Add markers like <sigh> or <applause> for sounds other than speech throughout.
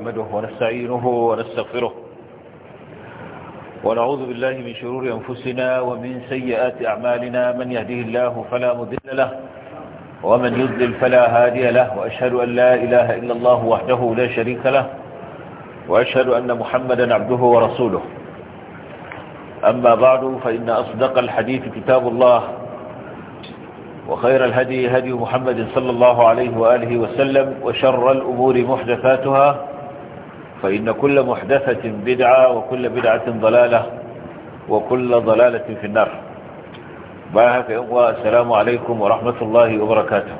نحمده ونستعينه ونستغفره ونعوذ بالله من شرور أنفسنا ومن سيئات أعمالنا من يهده الله فلا مذل له ومن يذل فلا هادي له وأشهد أن لا إله إلا الله وحده لا شريك له وأشهد أن محمدا عبده ورسوله أما بعد فإن أصدق الحديث كتاب الله وخير الهدي هدي محمد صلى الله عليه وآله وسلم وشر الأمور محدثاتها فإن كل محدثة بدعة وكل بدعة ضلالة وكل ضلالة في النار باهك إخوة السلام عليكم ورحمة الله وبركاته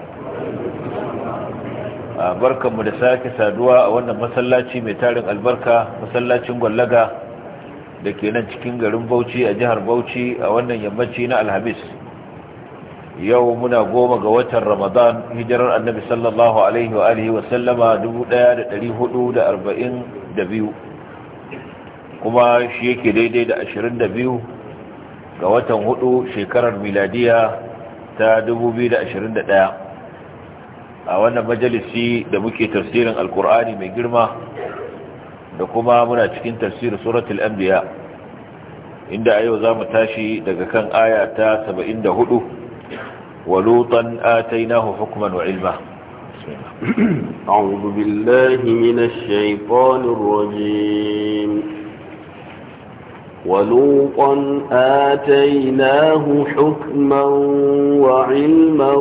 بركة مدساك سادوا وانا مسلاتي متارك البركة مسلاتي مغلقة لكي ننشكين غرم بوشي أجهر بوشي وانا يمتشينا الهبس yau muna goma ga watan ramadan hijirar annabi sallallahu alaihi wa alihi wa sallama 1442 kuma shi yake daidai da 22 ga watan hudu shekarar miladiya ta 2021 a wannan majalisi da muke tafsirin alkur'ani mai girma da kuma muna cikin tafsirin suratul anbiya inda a yau za mu tashi daga kan aya ta 74 ولوطا آتيناه حكما وعلما أعوذ بالله من الشيطان الرجيم ولوطا آتيناه حكما وعلما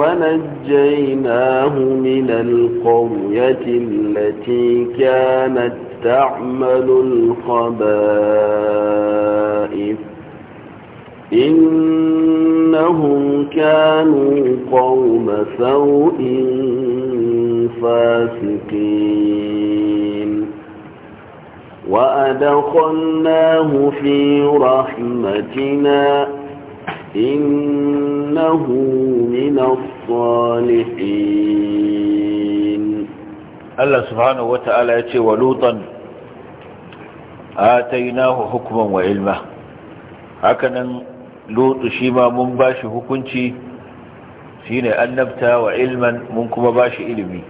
ونجيناه من القرية التي كانت تعمل الخبائث إنهم كانوا قوم سوء فاسقين وأدخلناه في رحمتنا إنه من الصالحين الله سبحانه وتعالى يتي ولوطا آتيناه حكما وعلما هكذا lutu shi ma mun ba shi hukunci shi ne annabta wa ilman mun kuma ba shi ilimi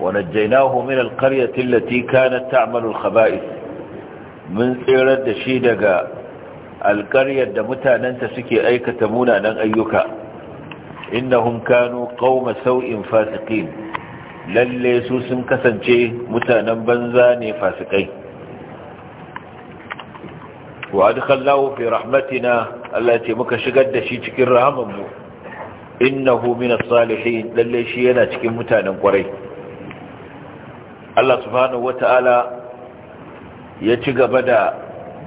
min من tillati التي na تعمل kaba'is? Mun tserar da shi daga alƙaryar da mutanenta suke aikata munanan ayyuka innahum kanu qauma sau'in fasikin, lalle su sun kasance mutanen banza ne fasikai وادخلناه في رحمتنا التي muka shigar da shi cikin rahamanmu innahu min as-salihin lalle shi yana cikin mutanen kwarai. Allah subhanahu wata'ala ya ci gaba da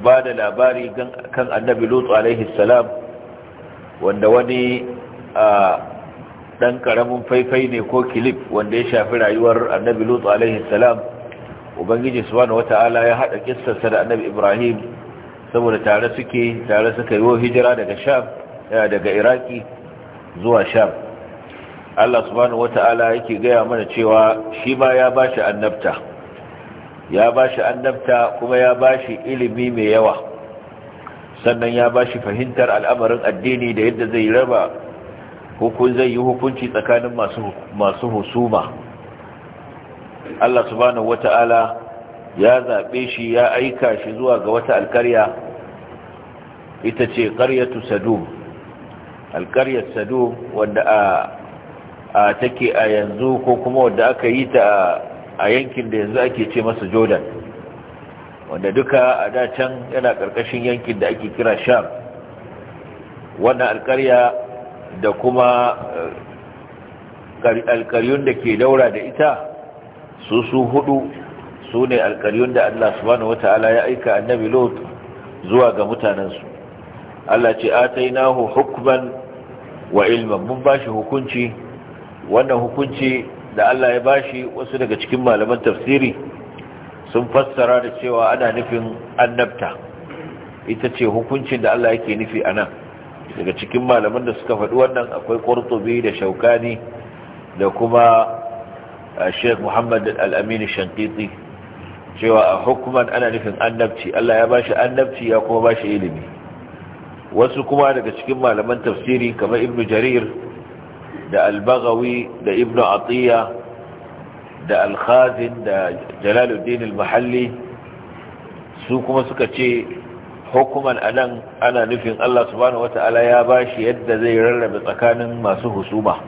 ba da labari kan Annabi Lut alayhi salam wanda wani a dan karamin faifai ne ko kilif wanda ya shafi rayuwar Annabi Lut alayhi salam ubangiji subhanahu wata'ala ya haɗa kissa da Annabi Ibrahim saboda tare suke tare suka yi hijira daga sham eh, daga iraki zuwa sham Allah subhanahu wata'ala yake gaya mana cewa shi ma ya bashi annabta ya bashi annabta kuma ya bashi ilimi mai yawa sannan ya bashi fahimtar al'amarin addini da yadda zai raba hukun zai yi hukunci tsakanin masu husuma Allah subhanahu wata'ala ya zaɓe shi ya aika shi zuwa ga wata alkarya ita ce ƙaryatu sadu alkaryar sadu wadda a take a yanzu ko kuma wadda aka yi ta a yankin da yanzu ake ce masa jordan wanda duka a dacan yana ƙarƙashin yankin da ake kira sham wannan alkarya da kuma eh, alkaryun da ke daura da ita su su hudu su ne alkaryun da Allah subhanahu wata'ala ya aika annabi lot zuwa ga mutanensu Allah ce atainahu hukman wa ilman mun bashi hukunci wannan hukunci da Allah ya bashi wasu daga cikin malaman tafsiri sun fassara da cewa ana nufin annabta ita ce hukuncin da Allah yake nufi a nan daga cikin malaman da suka faɗi wannan akwai ƙortobi da shaukani da kuma sheikh muhammad al'amini shankiti cewa a hukuman ana nufin annabci Allah ya bashi annabci ya kuma bashi ilimi wasu kuma daga cikin malaman tafsiri kamar ibn jarir da al da ibn atiya da al-khazin da jalaluddin al-mahalli su kuma suka ce hukuman anan ana nufin Allah subhanahu wataala ya bashi yadda zai rarrabe tsakanin masu husuma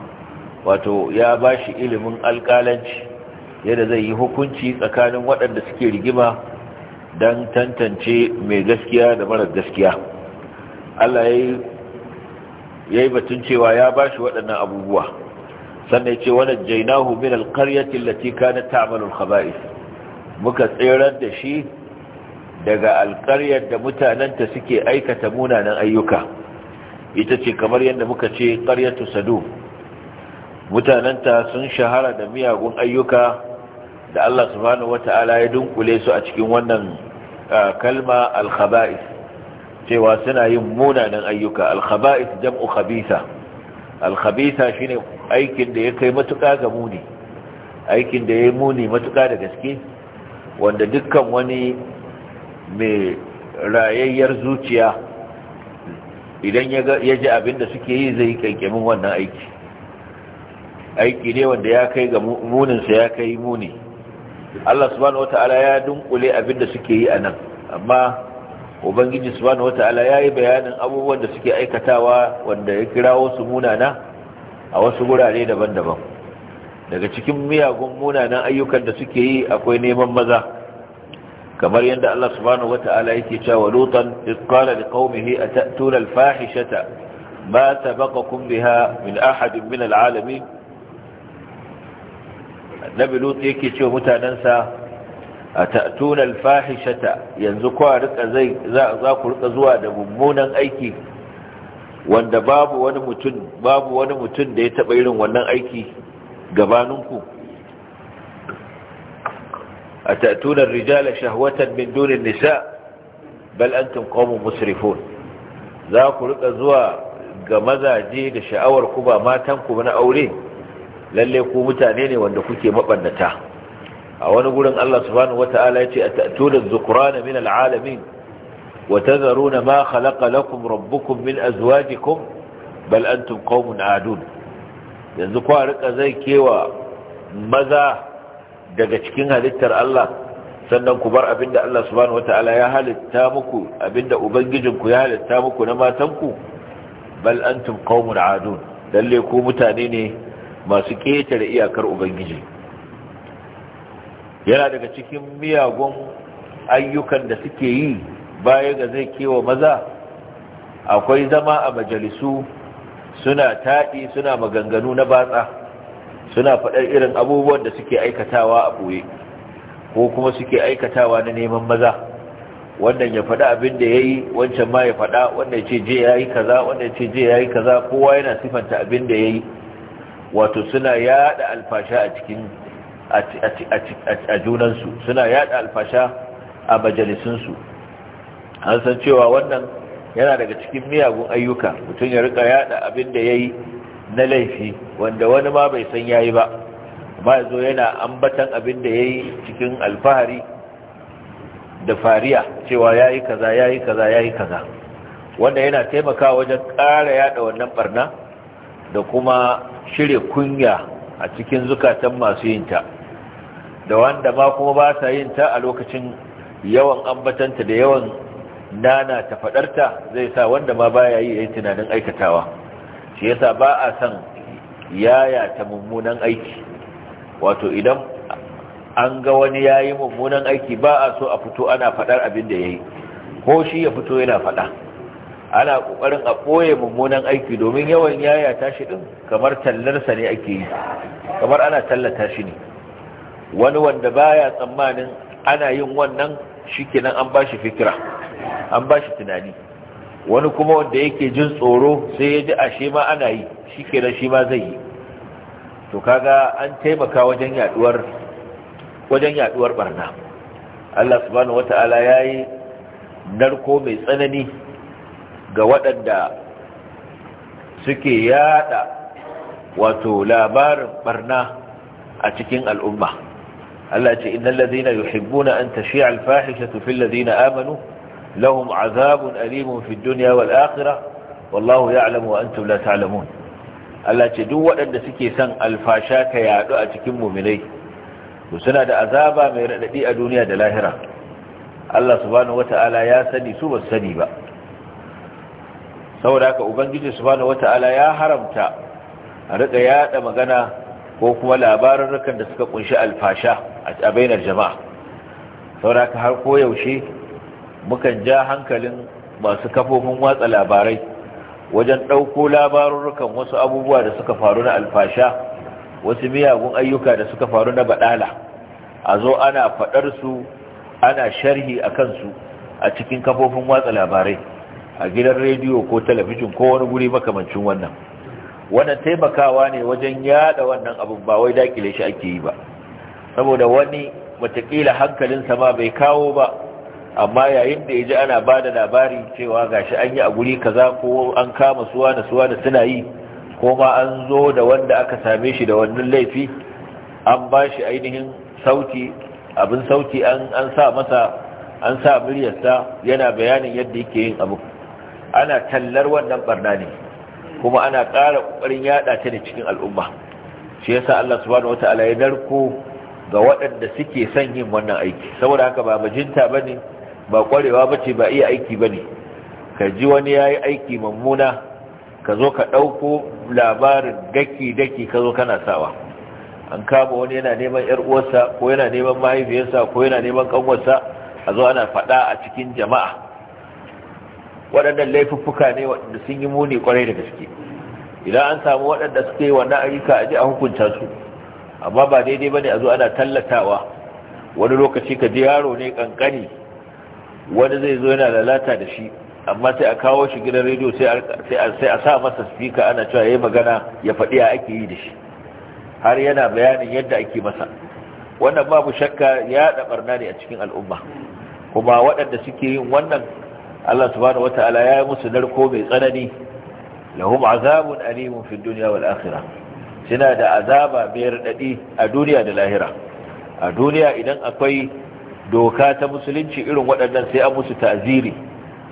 wato ya bashi ilimin alƙalanci yadda zai yi hukunci tsakanin waɗanda suke rigima don tantance mai gaskiya da marar gaskiya Allah ya yi batun cewa ya ba shi waɗannan abubuwa sannan ce wani jainahu min alkaryatin latika na ta'amalin khaba'is muka tseren da shi daga alkaryar da mutanenta suke aikata munanan ayyuka ita ce kamar yadda muka ce ƙaryatu sadu mutanenta sun shahara da miyagun ayyuka da Allah subhanahu ta'ala ya dunkule su a cikin wannan kalma al-khaba'is cewa suna yin munanan ayyuka al-khaba'is jam'u khabisa al-khabisa shine aikin da ya kai matuƙa ga muni aikin da ya muni matuƙa da gaske wanda dukkan wani mai rayayyar zuciya idan ya ji abin da suke yi zai kankamin wannan aiki aiki ne wanda ya kai ga muninsa ya kai muni Allah subhanahu wata'ala ya dunkule abin da suke yi a nan amma ubangiji subhanahu wata'ala ya yi bayanin abubuwan da suke aikatawa wanda ya kirawo su munana a wasu gurare daban-daban daga cikin miyagun munanan ayyukan da suke yi akwai neman maza kamar yadda Allah subhanahu wata'ala yake cewa lutan iqala liqaumihi atatuna alfahishata ma sabaqakum biha min ahadin min alalamin nabi lut yake cewa mutanansa atatuna alfahishata yanzu kwa rika zai za ku rika zuwa da mummunan aiki wanda babu wani mutum babu wani mutum da ya taba irin wannan aiki gabaninku atatuna rijala shahwatan min dunin nisa bal antum qawmun musrifun za ku rika zuwa ga mazaje da sha'awar ku ba matan ku na aure lalle ku mutane ne wanda kuke mabannata a wani gurin Allah subhanahu wata'ala ya ce a ta'tuna dhukrana min al'alamin wa tadharuna ma khalaqa lakum rabbukum min azwajikum bal antum qaumun adun yanzu ku rika zai kewa maza daga cikin halittar Allah sannan ku bar abinda Allah subhanahu wata'ala ya halitta muku abinda ubangijinku ya halitta muku na matanku bal antum qaumun adun lalle ku mutane ne masu ƙetare iyakar ubangiji yana daga cikin miyagun ayyukan da suke yi baya ga zai kewa maza akwai zama a majalisu suna taɗi suna maganganu na batsa suna faɗar irin abubuwan da suke aikatawa a ɓoye ko kuma suke aikatawa na neman maza wannan ya faɗa abin da ya yi wancan ma ya faɗa wannan ce je ya yi kaza wannan ce je ya yi kaza kowa yana sifanta abin da ya yi wato suna yada alfasha a cikin a junansu suna yada alfasha a majalisunsu an san cewa wannan yana daga cikin miyagun ayyuka mutum ya rika yada abin da ya yi na laifi wanda wani ma bai san yayi ba ba zo yana ambatan abin da ya yi cikin alfahari da fariya cewa ya yi kaza ya yi kaza ya yi kaza wanda yana taimaka wajen ƙara yada wannan barna da kuma shirya kunya a cikin zukatan masu yinta da wanda ba kuma ba sa yinta a lokacin yawan ambatanta da yawan nana ta fadarta zai sa wanda ma baya yi yi tunanin aikatawa shi yasa ba a san yaya ta mummunan aiki wato idan an ga wani ya yi mummunan aiki ba a so a fito ana fadar abin da ya yi, ko shi ya fito yana fada ana kokarin a ɓoye mummunan aiki domin yawan yaya tashi din, kamar tallarsa ne ake yi kamar ana tallata shi ne wani wanda baya tsammanin ana yin wannan shikenan an bashi fikira an bashi tunani wani kuma wanda yake jin tsoro sai ya ji ashe ma ana yi shikenan shi ma zai yi to kaga an taimaka wajen yaduwar wajen yaduwar barna Allah subhanahu wataala yayi narko mai tsanani ga waɗanda suke yada wato labarin barna a cikin al'umma Allah ce innal ladhina yuhibbuna an tashi'a al-fahishatu fil ladhina amanu lahum azabun alimun fid dunya wal akhirah wallahu ya'lamu wa antum la ta'lamun Allah ce duk waɗanda suke son alfasha ka yadu a cikin mu'minai to suna da azaba mai radadi a duniya da lahira Allah subhanahu wata'ala ya sani su ba sani ba saboda haka ubangiji subhanahu wata'ala ya haramta a rika yada magana ko kuma labarin rukan da suka kunshi alfasha a bainar jama'a saboda haka har ko yaushe mukan ja hankalin masu kafofin watsa labarai wajen ɗauko labarurrukan wasu abubuwa da suka faru na alfasha wasu miyagun ayyuka da suka faru na badala, a zo ana fadar su ana sharhi a kansu a cikin kafofin watsa labarai a gidan rediyo ko talabijin ko wani guri makamancin wannan wanda taimakawa ne wajen yada wannan abin ba wai dakile shi ake yi ba saboda wani matakila hankalinsa ma bai kawo ba amma yayin da ya ji ana ba da labari cewa gashi an yi a guri kaza ko an kama suwa da suwa da suna yi ko ma an zo da wanda aka same shi da wannan laifi an ba shi ainihin sauti abin sauti an sa masa an sa muryarsa yana bayanin yadda yake yin abu ana tallar wannan barna ne kuma ana ƙara ƙoƙarin yaɗa ta ne cikin al'umma shi yasa Allah subhanahu wata'ala ya narko ga waɗanda suke son yin wannan aiki saboda haka ba majinta bane ba ƙwarewa bace ba iya aiki bane ka ji wani yayi aiki mummuna ka zo ka ɗauko labarin daki daki ka zo kana sawa an kama wani yana neman yar uwarsa ko yana neman mahaifiyarsa ko yana neman kanwarsa a zo ana faɗa a cikin jama'a waɗannan laifuffuka ne waɗanda sun yi muni kwarai da gaske idan an samu waɗanda suke wannan ayyuka a ji a hukunta su amma ba daidai ba ne a zo ana tallatawa wani lokaci ka ji yaro ne kankani wani zai zo yana lalata da shi amma sai a kawo shi gidan rediyo sai a sa masa spika ana cewa ya yi magana ya faɗi a ake yi da shi har yana bayanin yadda ake masa wannan babu shakka ya da barna ne a cikin al'umma kuma waɗanda suke yin wannan Allah subhanahu wata'ala ya yi musu narko mai tsanani lahum azabun alimun fid dunya wal akhirah suna da azaba mai radadi a duniya da lahira a duniya idan akwai doka ta musulunci irin waɗannan sai an musu ta'ziri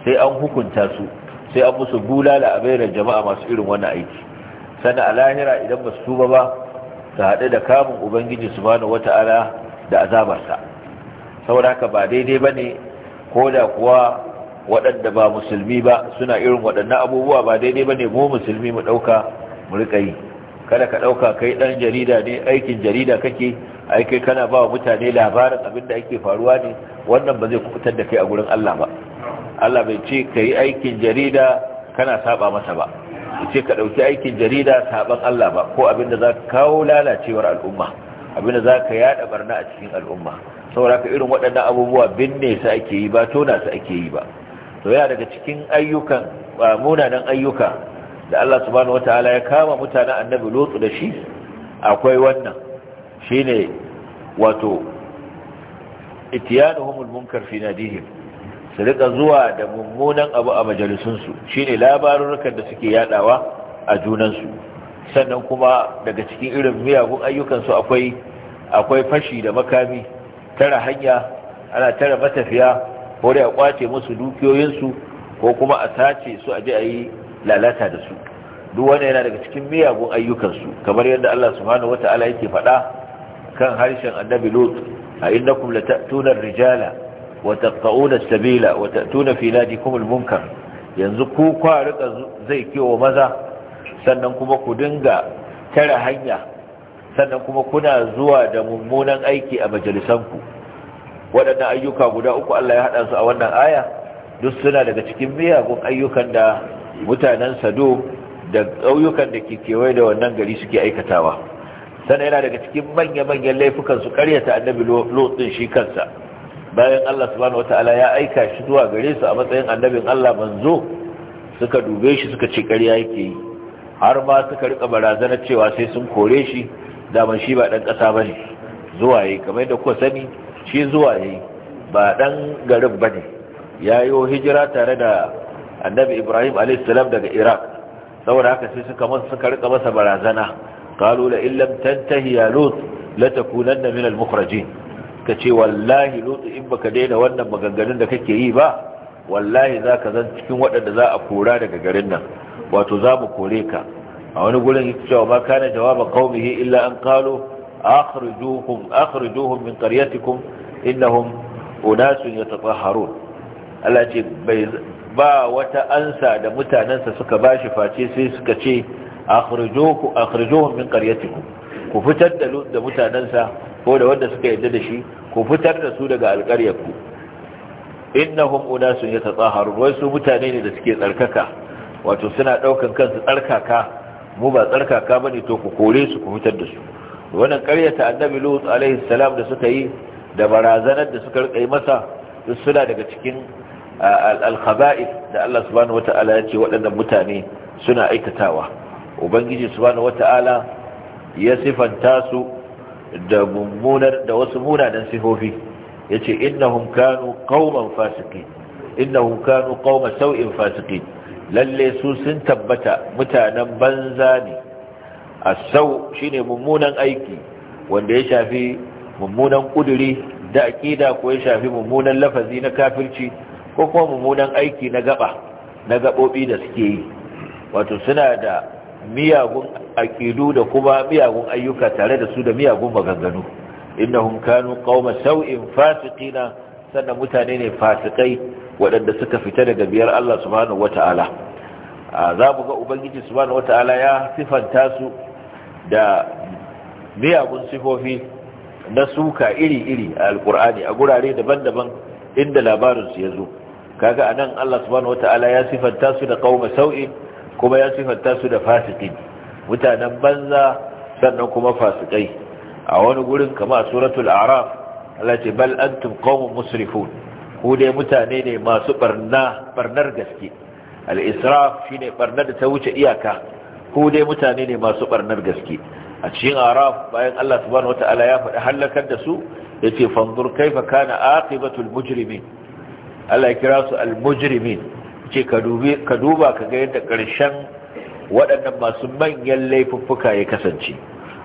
sai an hukunta su sai an musu bulala a bayar jama'a masu irin wannan aiki sana a lahira idan ba su tuba ba ta haɗu da kamun ubangiji subhanahu wata'ala da azabarsa saboda haka ba daidai bane ko da kuwa waɗanda ba musulmi ba suna irin waɗannan abubuwa ba daidai ba ne mu musulmi mu ɗauka mu riƙa kada ka ɗauka kai ɗan jarida ne aikin jarida kake aikai kana ba wa mutane labarin abin da ake faruwa ne wannan ba zai kubutar da kai a gurin Allah ba Allah bai ce ka yi aikin jarida kana saba masa ba ya ce ka ɗauki aikin jarida saban Allah ba ko abin da za ka kawo lalacewar al'umma abin da za ka yaɗa barna a cikin al'umma saboda ka irin waɗannan abubuwa binne su ake yi ba tona su ake yi ba to ya daga cikin ayyukan munanan ayyuka da Allah subhanahu wataala ya kama mutanen annabi lutsu da shi akwai wannan shine wato itiyanuhumul munkar fi nadihim su rika zuwa da mummunan abu a majalisunsu shine labarurrukan da suke yadawa a junansu sannan kuma daga cikin irin miyagun ayyukansu akwai akwai fashi da makami tara hanya ana tara matafiya ko dai a kwace musu dukiyoyinsu ko kuma a sace su a je a yi lalata da su duk wanda yana daga cikin miyagun ayyukansu kamar yadda Allah subhanahu Ta'ala yake faɗa kan harshen annabi lut a innakum latatuna ar-rijala wa taqta'una as-sabila wa ta'tuna fi nadikum al-munkar yanzu ku kwa rika zai kiwo maza sannan kuma ku dinga tare hanya sannan kuma kuna zuwa da mummunan aiki a majalisanku waɗannan ayyuka guda uku Allah ya haɗa su a wannan aya duk suna daga cikin miyagun ayyukan da mutanen sado da ƙauyukan da ke kewaye da wannan gari suke aikatawa sannan yana daga cikin manya-manyan laifukan su karyata annabi lotsin shi kansa bayan Allah subhanahu wataala ya aika shi zuwa gare su a matsayin annabin Allah manzo suka dube shi suka ce ƙarya yake yi har ma suka rika barazanar cewa sai sun kore shi man shi ba ɗan ƙasa ba ne zuwa yi kamar da kuwa sani shi zuwa yayi ba ɗan garin bane yayo hijira tare da annabi Ibrahim alayhi daga Iraq saboda haka sai suka masa rika masa barazana qalu la illam tantahi ya lut latakunanna min al-mukhrajin kace wallahi lut in baka daina wannan maganganun da kake yi ba wallahi zaka zan cikin waɗanda za a kora daga garin nan wato za mu kore ka a wani gurin yake cewa ma kana jawaba qaumihi illa an qalu akhrijuhum akhrijuhum min qaryatikum innahum unasun yatahharun Allah ce bai ba wata ansa da mutanansa suka bashi face sai suka ce akhrijuhu akhrijuhum min qaryatikum ku fitar da da mutanansa ko da wanda suka yarda da shi ku fitar da su daga alƙaryarku innahum unasun yatatahharun wai su mutane ne da suke tsarkaka wato suna daukan kansu tsarkaka mu ba tsarkaka bane to ku kore su ku fitar da su wannan karyata annabi lut alaihi salam da suka yi da barazanar da suka rika yi masa suna daga cikin al da Allah subhanahu wata'ala ya ce waɗannan mutane suna aikatawa ubangiji subhanahu wata'ala ya sifanta su da mummunar da wasu munanan sifofi yace innahum kanu qauman fasiqin innahum kanu sau'in fasiqin lalle su sun tabbata mutanen banza ne asau shine mummunan aiki wanda ya shafi mummunan kuduri da aqida ko ya shafi mummunan lafazi na kafirci ko kuma mummunan aiki na gaba na gabobi da suke yi wato suna da miyagun aqidu da kuma miyagun ayyuka tare da su da miyagun maganganu innahum kanu qauma sau'in fasiqina sannan mutane ne fasikai waɗanda suka fita daga biyar Allah subhanahu wata'ala za mu ga ubangiji subhanahu wata'ala ya sifanta su da miyagun sifofi na suka iri-iri a alkur'ani a gurare daban-daban inda labarinsu ya zo kaga anan Allah subhanahu ala ya sifanta su da qauma sau'i kuma ya sifanta su da fasiki mutanen banza sannan kuma fasikai a wani gurin kama suratul a'raf Allah ce bal antum qaumun musrifun ku dai mutane ne masu barna barnar gaske al-israf shine barnar da ta wuce iyaka Ku dai mutane ne masu barnar gaske a cikin araf bayan Allah subhanahu wata'ala ya faɗi halakar da su yace fanzur kaifa kana aqibatul mujrimin Allah ya kira su al-mujrimin yace ka dubi ka duba ka ga yadda ƙarshen waɗannan masu manyan laifuffuka ya kasance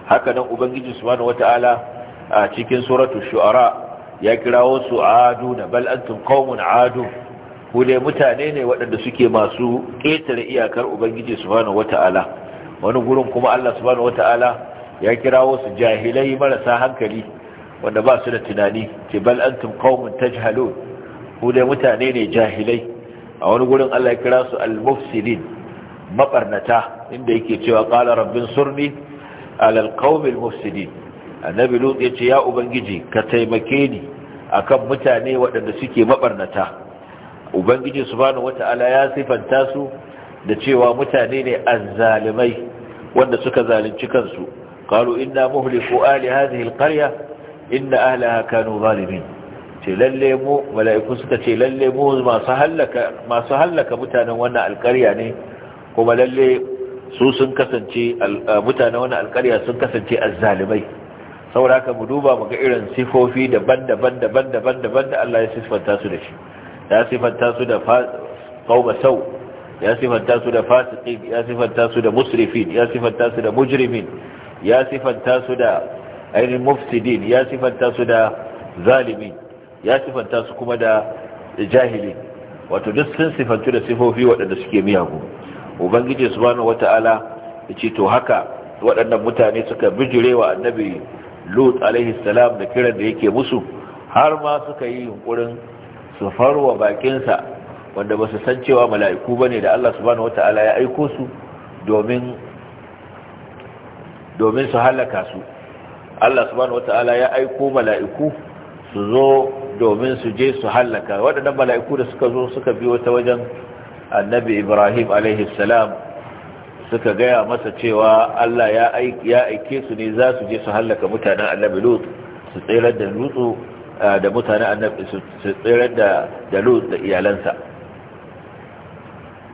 haka nan ubangiji subhanahu wata'ala a cikin suratul shu'ara ya kirawo su aduna bal antum qaumun adun ku mutane ne waɗanda suke masu ƙetare iyakar ubangiji subhanahu wata'ala wani gurin kuma Allah subhanahu wata'ala ya kirawo su jahilai marasa hankali wanda ba su da tunani ce bal antum qaumun tajhalun ku dai mutane ne jahilai a wani gurin Allah ya kira su al-mufsidin mabarnata inda yake cewa qala rabbin surni ala al-qaumil mufsidin annabi lut ya ce ya ubangiji ka taimake ni akan mutane waɗanda suke mabarnata ubangiji subhanahu wata'ala ya sifanta su da cewa mutane ne azzalimai wanda suka zalunci kansu qalu inna muhliku ali hadhihi alqarya inna ahliha kanu zalimin ce lalle mu mala'iku suka ce lalle mu masu hallaka masu hallaka mutanen wannan alqarya ne kuma lalle su sun kasance mutanen wannan alqarya sun kasance azzalimai saboda haka mu duba mu ga irin sifofi daban-daban daban-daban da Allah ya sifanta su da shi ya sifanta su da qauma ya sifanta su da fasiqin ya sifanta su da musrifin ya sifanta su da mujrimin ya sifanta su da ainihin mufsidin ya sifanta su da zalimin ya sifanta su kuma da jahilin wato duk sun sifantu da sifofi waɗanda suke miyagu ubangiji subhanahu wata'ala yace to haka waɗannan mutane suka bijirewa annabi lut alaihi salam da kiran da yake musu har ma suka yi yunkurin su wa bakinsa wanda ba su san cewa mala'iku ba ne da Allah subhanahu wa ta'ala ya aiko su domin su halaka su Allah subhanahu wa ta'ala ya aiko mala'iku su zo domin su je su halaka waɗannan mala'iku da suka zo suka biyo ta wajen annabi ibrahim alaihissalam suka gaya masa cewa Allah ya aike su ne za su je su halaka mutanen annabi lut su tsirar da lutsu da mutane annabi su tsirar da dalu da iyalansa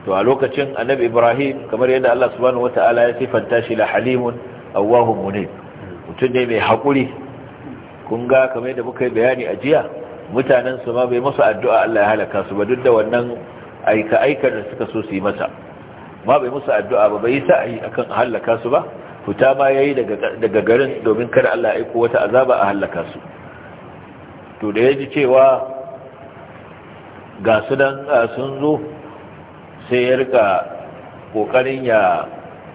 to a lokacin annabi ibrahim kamar yadda Allah subhanahu wataala ya sifanta shi la halimun awwahum munib mutum ne mai hakuri kun ga kamar yadda muka yi bayani a jiya mutanen su ma bai musu addu'a Allah ya halaka su ba duk da wannan aika aikar da suka so su yi masa ma bai musu addu'a ba bai yi sa'ayi akan halaka su ba fita ma yayi daga daga garin domin kar Allah ya aiko wata azaba a halaka su to da ya ji cewa ga su nan sun zo sai ya rika kokarin ya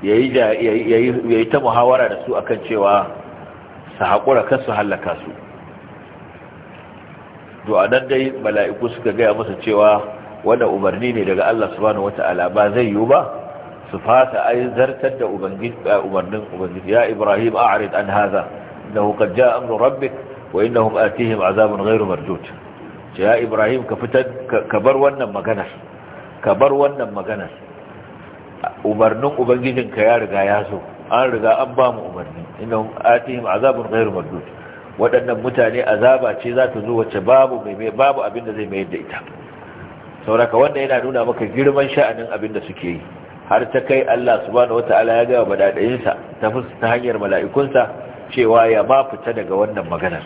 yi ta muhawara da su akan cewa su haƙura kan su hallaka su to a nan dai mala'iku suka gaya masa cewa wanda umarni ne daga Allah subhanahu wata'ala ba zai yiwu ba su fasa yi zartar da umarnin ubangiji ya ibrahim a'rid an haza da hukajja amru wa innahum atihim azabun ghairu marjut ce ibrahim ka fitar ka bar wannan maganar ka bar wannan maganar umarnin ubangijinka ya riga ya zo an riga an ba mu umarni innahum atihim azabun ghairu marjut waɗannan mutane azaba ce za ta zo babu abin da zai mai da ita sauraka wanda yana nuna maka girman sha'anin abin da suke yi har ta kai Allah subhanahu wata'ala ya ga badadayinsa ta fuska ta hanyar mala'ikunsa cewa ya ma fita daga wannan maganar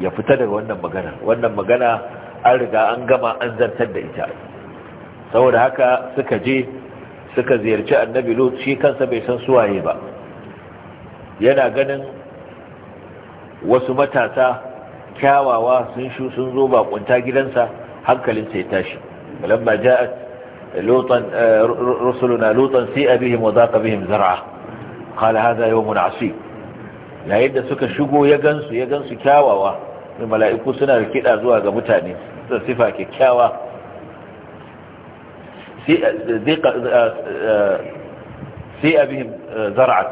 ya fita daga wannan magana wannan magana an riga an gama an zartar da ita saboda haka suka je suka ziyarci annabi lut shi kansa bai san suwaye ba yana ganin wasu matasa kyawawa sun shu sun zo bakunta gidansa hankalinsa ya tashi balamma ja'at lutan eh, rusuluna lutan sai abihim wa zaqa bihim zar'a qala hadha yawmun asib yayin da suka shigo ya gansu ya gansu kyawawa mala'iku suna kiɗa zuwa ga mutane da sifa kyakkyawa sai eh, eh, eh, abihim zar'at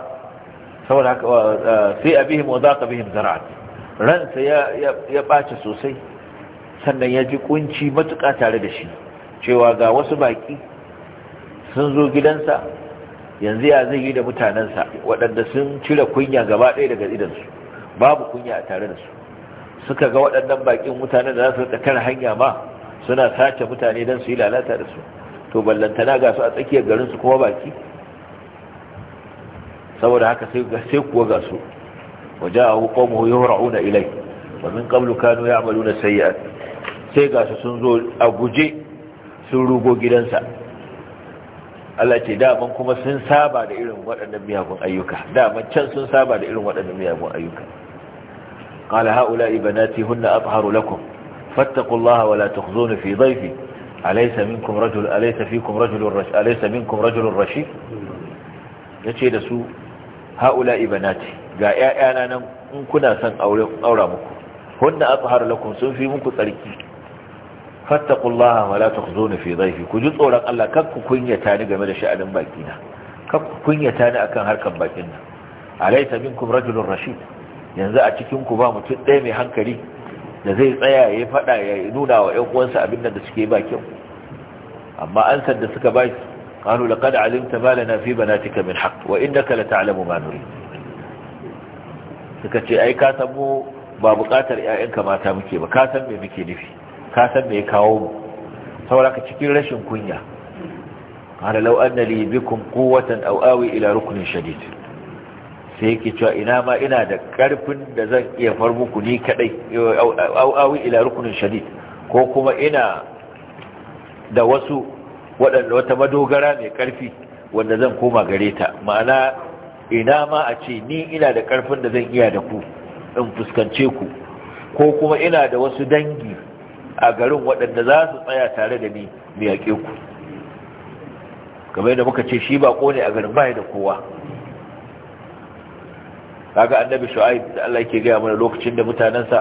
saboda haka sai abihim wa bihim ransa ya ɓace sosai sannan ya ji kunci matuƙa tare da shi cewa ga wasu baƙi, sun zo gidansa yanzu ya zai yi da mutanensa waɗanda sun cire kunya gaba ɗaya daga idansu babu kunya a tare da su suka ga waɗannan baƙin mutane da za su rika tara hanya ma suna sace mutane don su yi lalata da su to ballantana ga su a tsakiyar garin su kuma baki saboda haka sai kuwa ga su waje a hukumu na ilai wa min qablu kanu ya'maluna sayyi'at sai ga su sun zo a guje sun rugo gidansa Allah ce daman kuma sun saba da irin waɗannan miyagun ayyuka daman can sun saba da irin waɗannan miyagun ayyuka قال هؤلاء بناتي هن أطهر لكم فاتقوا الله ولا تخزون في ضيفي أليس منكم رجل أليس فيكم رجل رش أليس منكم رجل da su haula ibanati ga 'ya'yana nan in kuna son aure aura muku hunna athhar lakum sun fi muku tsarki fattaqullaha wa la tukhzuna fi dhayfi ku ji tsoron Allah kar ku kunyata ni game da sha'anin baki na ku ni akan harkan bakin nan rajulun yanzu a cikin ba mutum ɗaya mai hankali da zai tsaya ya faɗa ya nuna wa ƴan uwansa abin da suke ba kyau amma an san da suka ba قالوا لقد bana ما min في wa من حق وإنك لتعلم ما نريد suka ce ai ka san mu ba buƙatar 'ya'yanka mata muke ba ka san me muke nufi ka san me kawo mu saboda ka cikin rashin kunya qala lauannali anna li bikum ila rukunin shadid sai yake cewa ina ma ina da karfin da zan iya far muku ni kadai awi ila rukunin shadid ko kuma ina da wasu waɗanda wata madogara mai karfi wanda zan koma gare ta ma'ana ina ma a ce ni ina da karfin da zan iya da ku in fuskance ku ko kuma ina da wasu dangi a garin waɗanda za su tsaya tare da ni mai yaƙe ku kamar yadda muka ce shi ba ne a garin bai da kowa kaga annabi shu'aib da Allah yake gaya mana lokacin da mutanansa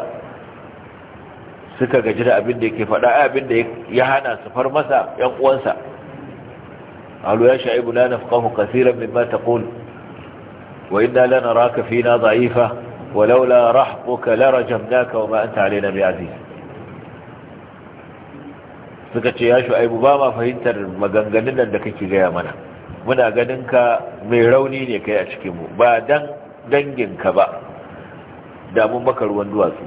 suka gaji da abin da yake faɗa abin da ya hana su far masa yan uwansa qalu ya shu'aib la nafqahu kaseeran mimma taqul wa inna lanaraka fina dha'ifa ولولا wa لرجمناك وما أنت علينا بعزيز suka ce ya shu'aibu ba ma fahimtar maganganun da kake gaya mana muna ganin ka mai rauni ne kai a cikinmu ba dan danginka ba damun maka ruwan duwatsu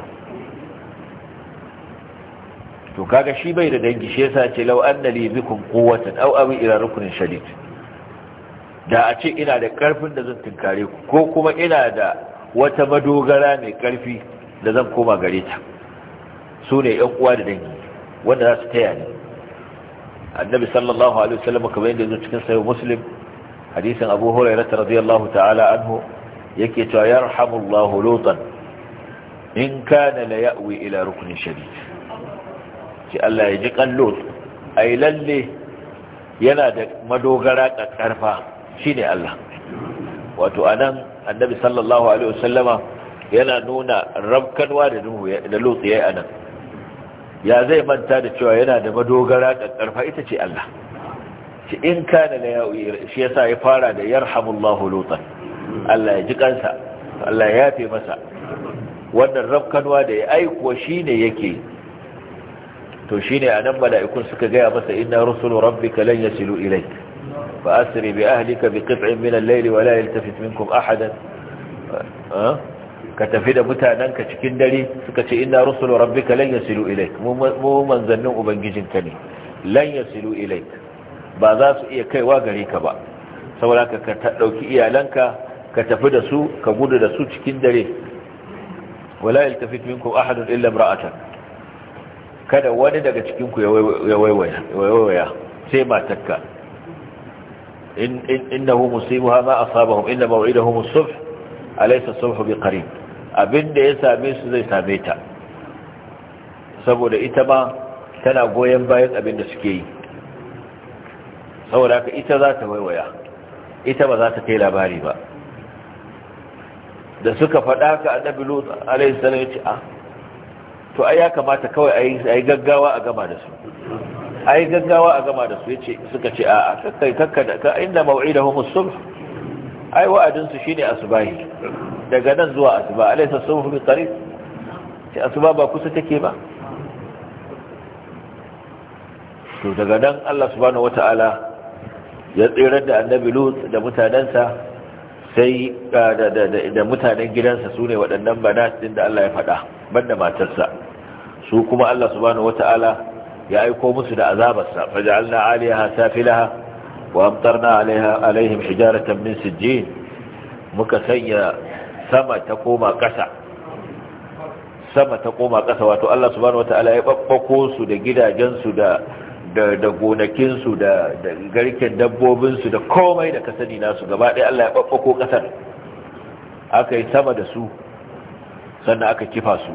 to kaga shi bai da dangi shi yasa ce law anna li bikum quwwatan aw awi ila rukunin shadid da a ce ina da karfin da zan tinkare ku ko kuma ina da wata madogara mai karfi da zan koma gare ta su ne yan uwa da dangi wanda za su taya ni annabi sallallahu alaihi wasallam kamar yadda yake cikin sahih muslim hadisin abu hurairah radiyallahu ta'ala anhu yake cewa yarhamullahu lutan in kana la ya'wi ila ruknin shadid ce Allah ya ji kallo ai lalle yana da madogara karfa shine Allah wato anan annabi sallallahu alaihi wasallama yana nuna rabkanwa da duhu da lutsi yayi anan ya zai manta da cewa yana da madogara karfa ita ce Allah shi in kana la ya'wi shi yasa ya fara da yarhamullahu lutan Allah ya ji kansa Allah ya yafe masa wannan rafkanwa da ya aikuwa shine yake to shine nan mala'ikun suka gaya masa inna rusulu rabbika lan yasilu ilayk fa asri bi ahlika bi qit'in min al-layl wa la yaltafit minkum ahadan ka tafi da mutanenka cikin dare suka ce ina inna rabbi rabbika lan silu ilai mu manzannin ubangijinka ne lan silu ilai ba za su iya kaiwa gare ka ba saboda ka ta dauki iyalanka ka tafi da su ka gudu da su cikin dare wala yaltafit minkum ahadun illa imra'atan kada wani daga cikin ku ya waiwaya sai matarka in innahu musibuha ma asabahum illa maw'iduhum as-subh alaysa as-subh biqarib abinda ya same su zai same ta saboda ita ma tana goyen bayan abinda suke yi saboda haka ita za ta waiwaya ita ba za ta kai labari ba da suka faɗa ka annabi lut alaihi salam yace a ah, to ai ya kamata kawai ai gaggawa a gama da su ai gaggawa a gama da su yace suka ce a a kai kakka da ka inda mau'idahum as-subh ai wa'adin su shine asubahi daga nan zuwa asuba alaihi salam fi tsari? ce asuba ba kusa take ba to daga nan Allah subhanahu wata'ala ya tsirar da annabi lut da mutanansa sai da mutanen gidansa su ne waɗannan bana ɗin da Allah ya faɗa banda matarsa su kuma Allah subhanahu wata'ala ya aiko musu da azabarsa faj'alna 'aliyaha safilaha wa amtarna 'alayha 'alayhim hijaratan min sijjin muka sanya sama ta koma ƙasa sama ta koma ƙasa wato Allah subhanahu wata'ala ya babbako su da gidajensu da da gonakinsu da garken dabbobinsu da komai da ka sani nasu gaba ɗaya Allah ya ɓaɓɓako ƙasar aka yi sama da su sannan aka kifa su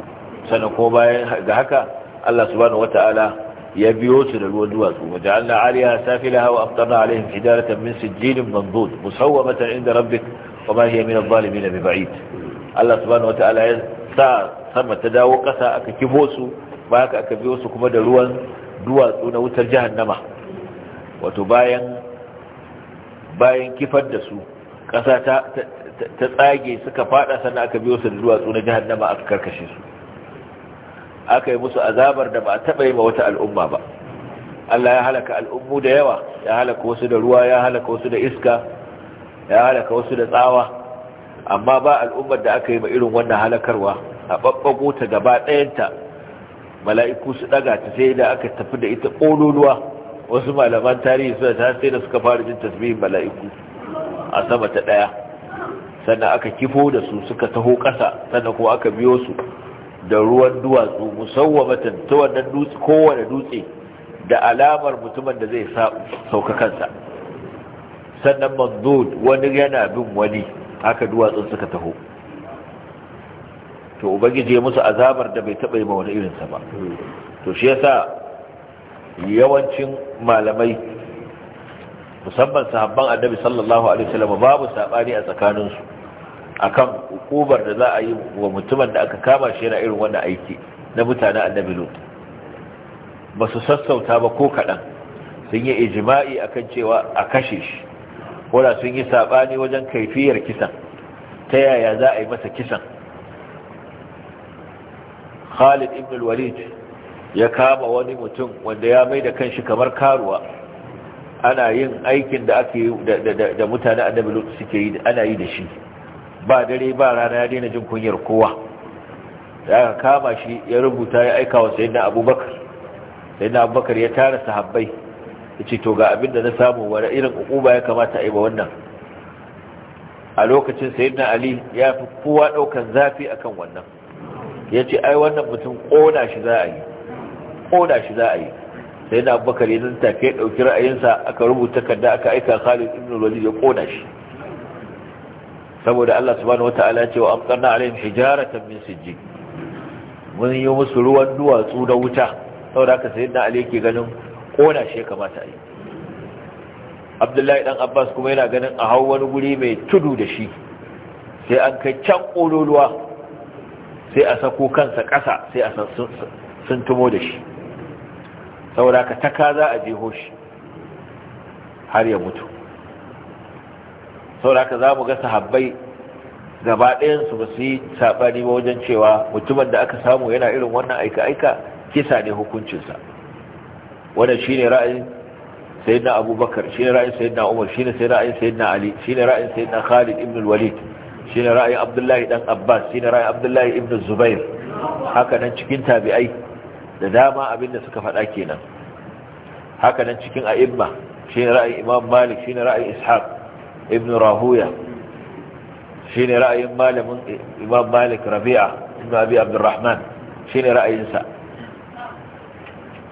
sannan ko bayan ga haka Allah subhanahu wata'ala ya biyo su da ruwan duwatsu wa ja'alna 'aliyaha safilaha wa amtarna 'alayhim hijaratan min sijilin mandud musawwamatan 'inda rabbik wa ma hiya min adh-dhalimin bib'id Allah subhanahu wata'ala ya sa sama ta dawo ƙasa aka kifo su ba aka biyo su kuma da ruwan duwatsu na wutar jahannama wato bayan bayan kifar da su ƙasa ta tsage suka fada sannan aka biyo su da duwatsu na jahannama aka karkashe su aka yi musu azabar da ba a taɓa yi ma wata al'umma ba Allah ya halaka al'ummu da yawa ya halaka wasu da ruwa ya halaka wasu da iska ya halaka wasu da tsawa amma ba al'ummar da aka yi ma irin wannan halakarwa a babbago ta gaba ɗayanta mala'iku su ɗaga ta sai da aka tafi da ita ƙololuwa wasu malaman tarihi suna ta sai da suka fara jin tasbihin mala'iku a sama ta ɗaya sannan aka kifo da su suka taho ƙasa sannan kuma aka biyo su da ruwan duwatsu musawwamatan ta wannan dutse kowane dutse da alamar mutumin da zai sauka kansa sannan manzod wani yana bin wani haka duwatsun suka taho to ubangiji ya musu azabar da bai taba yi ba wani irinsa ba to shi yasa yawancin malamai musamman sahabban annabi sallallahu alaihi wasallam babu sabani a tsakanin su akan hukubar da za a yi wa mutumin da aka kama shi yana irin wannan aiki na mutane annabi lut ba su sassauta ba ko kaɗan sun yi ijima'i akan cewa a kashe shi Ko da sun yi sabani wajen kaifiyar kisan ta yaya za a yi masa kisan khalid ibn walid ya kama wani mutum wanda ya mai da kanshi kamar karuwa ana yin aikin da ake da mutane annabi lut suke yi ana yi da shi ba dare ba rana ya daina jin kunyar kowa da aka kama shi ya rubuta ya aika wa sayyidina abubakar sayyidina abubakar ya tara sahabbai ya ce to ga abin da na samu wani irin ukuba ya kamata a yi ba wannan a lokacin sayyidina ali ya fi kowa ɗaukar zafi akan wannan ya ce ai wannan mutum ƙona shi za a yi ƙona shi za a yi sai na abubakar ya nan take ɗauki ra'ayinsa aka rubuta kanda aka aika khalid ibn wali ya ƙona shi saboda Allah subhanahu wataala ya ce wa amtarna alaihim hijaratan min sijjin mun yi musu ruwan duwatsu na wuta saboda haka sayyidina ali yake ganin ƙona shi ya kamata a yi abdullahi dan abbas kuma yana ganin a hau wani guri mai tudu da shi sai an kai can ƙololuwa sai a sako kansa ƙasa sai a san sun tumo da shi saboda ka taka za a jeho shi har ya mutu saboda ka za mu gasa habbai, gaba ɗayansu ba su yi saɓani ba wajen cewa mutumin da aka samu yana irin wannan aika-aika kisa ne hukuncinsa wannan shi ne ra'ayin na abubakar shi ne ra'ayin na umar shi ne ra'ayin na ali shi ne ra'ayin na khalid ibn walid Shi ne ra'ayin abdullahi ɗan abbas Shi ne ra'ayin abdullahi ibn zubair haka nan cikin tabi'ai da dama abinda suka faɗa kenan haka nan cikin a'imma ne ra'ayin imam malik Shi ne ra'ayin ishaq ibn rahuya Shi ne ra'ayin malamin imam malik rabi'a ibn abi abdurrahman shine ra'ayinsa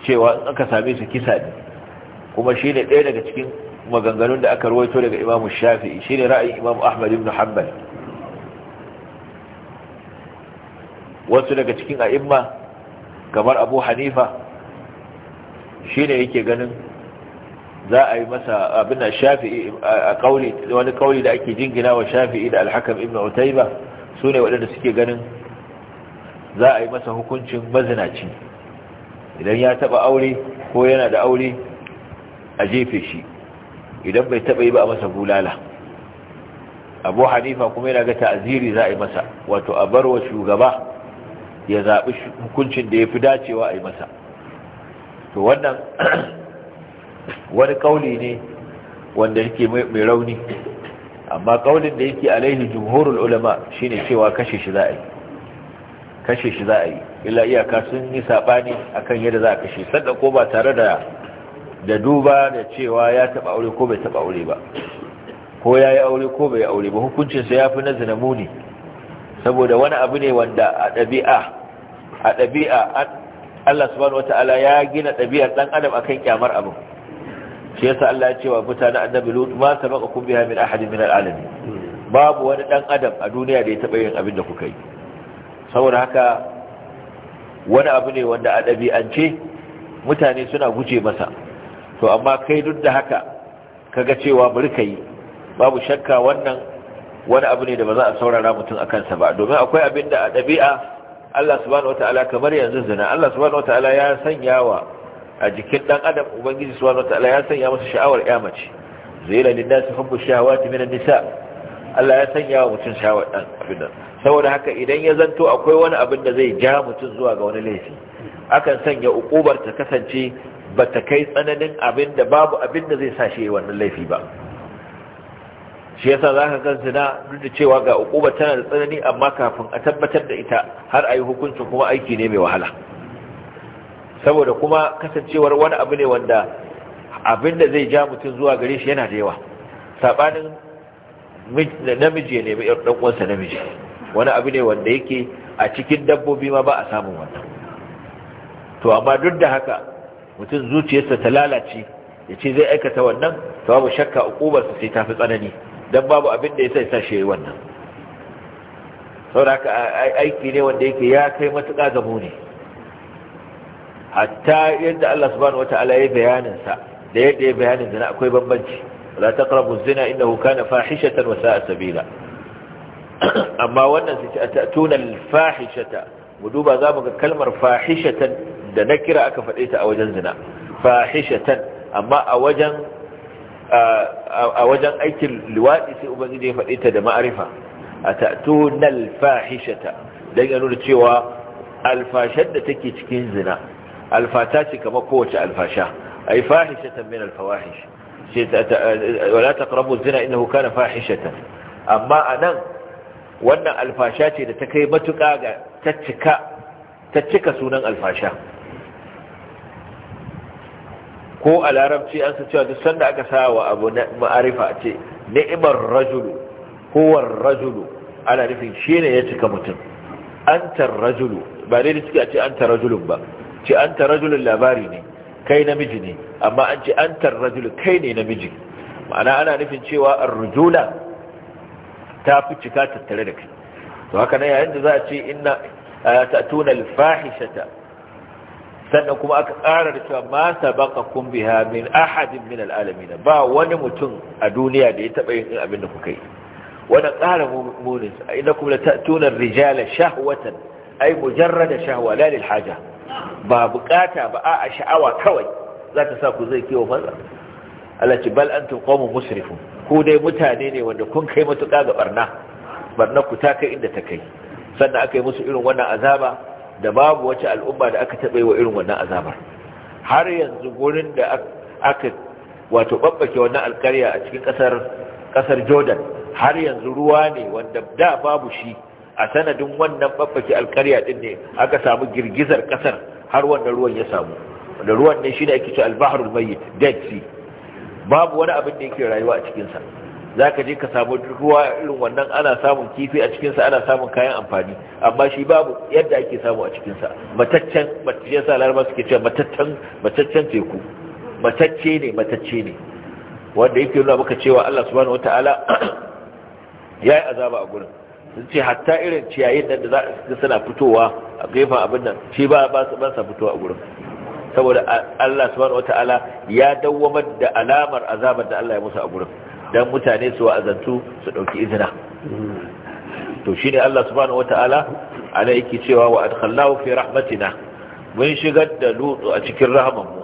cewa aka same su kisa ne kuma shi ne ɗaya daga cikin maganganun da aka ruwaito daga Imam shafi'i Shi ne ra'ayin Imam ahmad ibn hanbal wasu daga cikin a'imma kamar abu hanifa shi ne yake ganin za a yi masa abin shafi a kauli wani kauli da ake jingina wa shafi'i da alhakam ibn utaiba su ne waɗanda suke ganin za a yi masa hukuncin mazinaci idan ya taɓa aure ko yana da aure a jefe shi idan bai taba yi ba a masa bulala abu hanifa kuma yana ga ta'aziri za a yi masa wato a barwa shugaba ya zaɓi hukuncin da ya fi dacewa a yi masa to wannan <clears throat> wani ƙauli ne wanda yake mai rauni amma kaulin da yake alaihi jumhurul ulama shine cewa kashe shi za a yi kashe shi za a yi illa iyaka sun yi a kan yadda za a kashe sadda ko ba tare da da duba da cewa ya taɓa aure ko bai taɓa aure ba ko ya yi aure ko bai aure ba hukuncinsa ya fi na zinamuni saboda wani abu ne wanda a ɗabi'a a ɗabi'a Allah subhanahu wata'ala ya gina ɗabi'ar ɗan adam akan kyamar abu shi yasa Allah ya cewa mutane annabi lut ma sabaqakum biha min ahadin min al'alamin babu wani ɗan adam a duniya da ya taɓa yin abin da kuka yi saboda haka wani abu ne wanda a ɗabi'ance mutane suna guje masa to amma kai duk da haka kaga cewa bari ka yi babu shakka wannan wani abu ne da ba za a saurara mutum a kansa ba domin akwai abin da a ɗabi'a Allah subhanahu wataala kamar yanzu zina Allah subhanahu wataala ya sanya wa a jikin dan adam ubangiji subhanahu wataala ya sanya masa sha'awar ya mace zaila lin-nasi hubbu shahawati an nisa Allah ya sanya wa mutum sha'awar dan abin saboda haka idan ya zanto akwai wani abin da zai ja mutum zuwa ga wani laifi akan sanya ukubar ta kasance ba ta kai tsananin abin da babu abin da zai sa shi wannan laifi ba shi yasa za ka gan zina duk da cewa ga ukuba tana da tsanani amma kafin a tabbatar da ita har ayi yi hukuncin kuma aiki ne mai wahala saboda kuma kasancewar wani abu ne wanda abin da zai ja mutum zuwa gare shi yana da yawa saɓanin namiji ne mai ɗan uwansa namiji wani abu ne wanda yake a cikin dabbobi ma ba a samun wannan to amma duk da haka mutum zuciyarsa ta lalace ya ce zai aikata wannan to babu shakka ukubarsa sai ta fi tsanani don babu abin da ya sai sashe wannan. wannan sauraka aiki ne wanda yake ya kai matuƙa gamo ne hatta yadda Allah subhanahu Wataala ya bayaninsa da yadda ya bayanin zina akwai bambanci la taqrabu zina innahu kana fahishatan wa sa'a sabila <clears throat> amma wannan su ce ta'tuna al-fahishata mu duba zamu ga kalmar fahishatan da na kira aka faɗe ta a wajen zina fahishatan amma a wajen a wajen aikin liwaɗi sai ubangiji ya faɗi ta da ma'arifa a ta'tuna dan ya cewa alfashar da take cikin zina alfata ce kamar kowace alfasha ay fahishatan min alfawahish wala taqrabu zina innahu na fahishatan amma anan wannan alfasha ce da ta kai matuƙa ga ta cika sunan alfasha ko a larabci an su cewa duk sanda aka sa wa abu ma'arifa ce ni'imar rajulu kowar rajulu ana nufin shi ne ya cika mutum antar rajulu ba dai da suke a ce antar rajulun ba ce antar rajulun labari ne kai namiji ne amma an ce antar rajulu kai ne namiji ma'ana ana nufin cewa rujula ta fi cika tattare da kai to haka nan yayin da za a ce inna ta'tuna al-fahishata sannan kuma aka ƙara da cewa ma sabaqa kum biha min ahadin min alalamin ba wani mutum a duniya da ya taba yin abin da kuka yi wannan ƙara munis innakum la ta'tuna ar-rijala shahwatan ay mujarrada shahwa la lil haja ba bukata ba a sha'awa kawai za ta sa ku zai kiwo maza Allah ce bal antum qawmun musrifun ku dai mutane ne wanda kun kai matuka ga barna barna ku ta kai inda ta kai sannan aka yi musu irin wannan azaba da babu wace al'umma da aka taɓa wa irin wannan azabar har yanzu gurin da aka wato babbake wannan alkarya a cikin ƙasar jordan har yanzu ruwa ne wanda da babu shi a sanadin wannan babbake alkarya ɗin ne aka samu girgizar ƙasar har wannan ruwan ya samu wanda ruwan ne shi ne ake ce albaharul mayyit dead sea babu wani abin da yake rayuwa a cikinsa za ka je ka samu ruwa irin wannan ana samun kifi a cikinsa ana samun kayan amfani amma shi babu yadda ake samu a cikinsa mataccen mataccen sa larabar suke cewa mataccen mataccen teku matacce ne matacce ne wanda yake nuna maka cewa Allah subhanahu wataala <clears throat> ya yi azaba a gurin sun ce hatta irin ciyayin nan da za a suna fitowa a gefen abin nan shi ba ba sa fitowa a gurin saboda Allah subhanahu wataala ya dawwamar da alamar azabar da Allah ya musu a gurin Don mutane su wa'azantu su ɗauki izina to shi ne Allah subhanahu wataala ana yake cewa wa adkhalnahu fi rahmatina mun shigar da lutu a cikin rahamanmu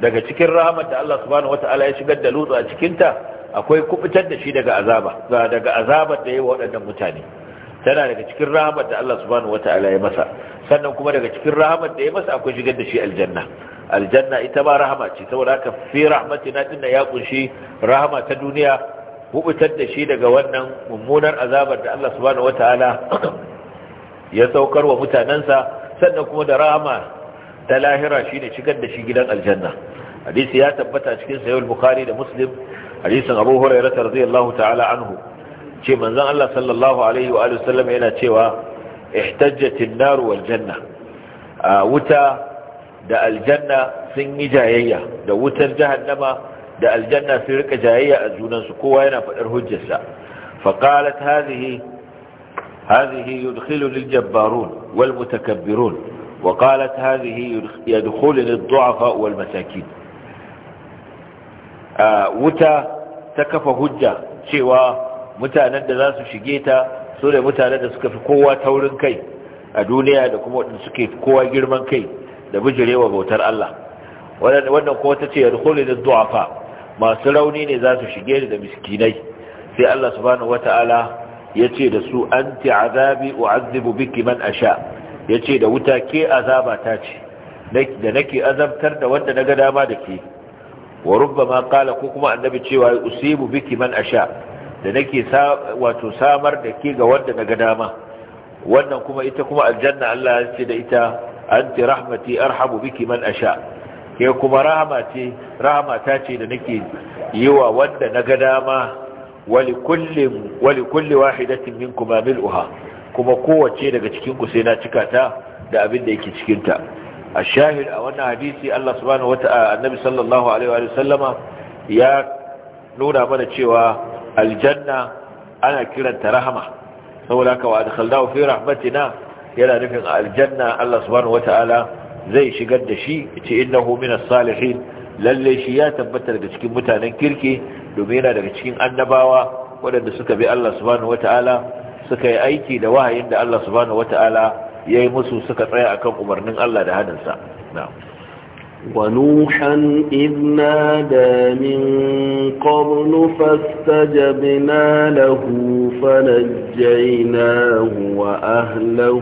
daga cikin rahamar da Allah subhanahu wataala ya shigar da lutu a cikinta akwai kubutar da shi daga azaba daga azabar da yayi waɗannan mutane tana daga cikin rahamar da Allah subhanahu wataala ya masa sannan kuma daga cikin rahamar da ya masa akwai shigar da shi aljanna aljanna ita ba rahama ce saboda haka fi rahmatina dinna ya kunshi rahama ta duniya hubutar da shi daga wannan mummunar azabar da Allah subhanahu wataala <clears throat> ya saukar wa mutanansa sannan kuma da rahama ta lahira shine shigar da shi gidan aljanna hadisi ya tabbata cikin sahih bukhari da muslim hadisin abu hurairah radiyallahu ta'ala anhu ce manzon Allah sallallahu alaihi wa sallam yana cewa احتجت النار والجنة آه، وتا دا الجنة سن جاهية دا وتا الجهنم دا الجنة سرق جاهية الزونا سكوا هنا فأره الجسا فقالت هذه هذه يدخل للجبارون والمتكبرون وقالت هذه يدخل للضعفاء والمساكين آه، وتا تكف هجة شوا متى ندى ذاس شجيتا su ne mutane da suka fi kowa taurin kai a duniya da kuma waɗanda suke kowa girman kai da bijirewa bautar Allah wannan kuma ta ce yadkhulu lid-du'afa masu rauni ne za su shige da miskinai sai Allah subhanahu wata'ala yace da su anti azabi u'azzibu biki man asha ya ce da wuta ke azaba ta ce da nake azabtar da wanda na ga dama da ke wa ma qala ko kuma annabi cewa usibu biki man asha da nake wato samar da ke ga wanda na ga dama wannan kuma ita kuma aljanna Allah ya ce da ita anti rahmati arhamu biki man asha ke kuma rahama ce rahama ta ce da nake yiwa wanda na ga dama wali kullin wali kulli wahidatin minkum mil'uha kuma kowace daga cikin ku sai na cikata da abin da yake cikin ta ashahid a wannan hadisi Allah subhanahu wata'ala annabi sallallahu alaihi wa sallama ya nuna mana cewa aljanna ana kiranta rahama saboda haka wa adkhalnahu fi rahmatina yana nufin aljanna Allah subhanahu wataala zai shigar da shi ce innahu minas salihin lalle shi ya tabbata daga cikin mutanen kirki domin yana daga cikin annabawa waɗanda suka bi Allah subhanahu wataala suka yi aiki da wahayin da Allah subhanahu wataala yayi musu suka tsaya akan umarnin Allah da hadinsa na'am ونوحا إذ نادى من قبل فاستجبنا له فنجيناه وأهله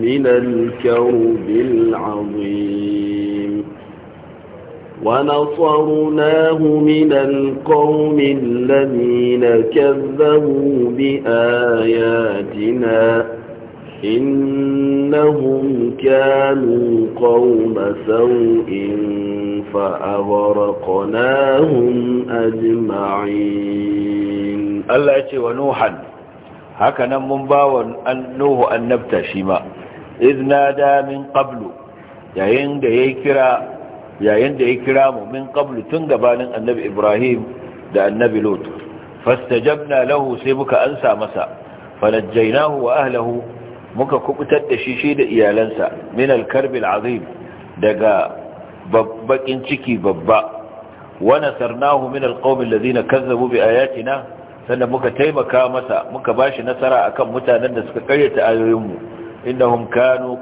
من الكرب العظيم ونصرناه من القوم الذين كذبوا بآياتنا إنهم كانوا قوم سوء فأغرقناهم أجمعين الله يتي ونوحا هكذا منباو النوح النبتة شما إذ نادى من قبل يا ده يكرا يا ده يكرام من قبل تنقبان النبي إبراهيم دا النبي لوط فاستجبنا له سيبك أنسى مساء فنجيناه وأهله muka kubutar da shi shi da iyalansa min alkarbil azim daga babbakin ciki babba Wani sarnahu min alqawmin lazina kazzabu bi ayatina sannan muka taimaka masa muka bashi nasara akan mutanen da suka karyata ayoyinmu Inda kanu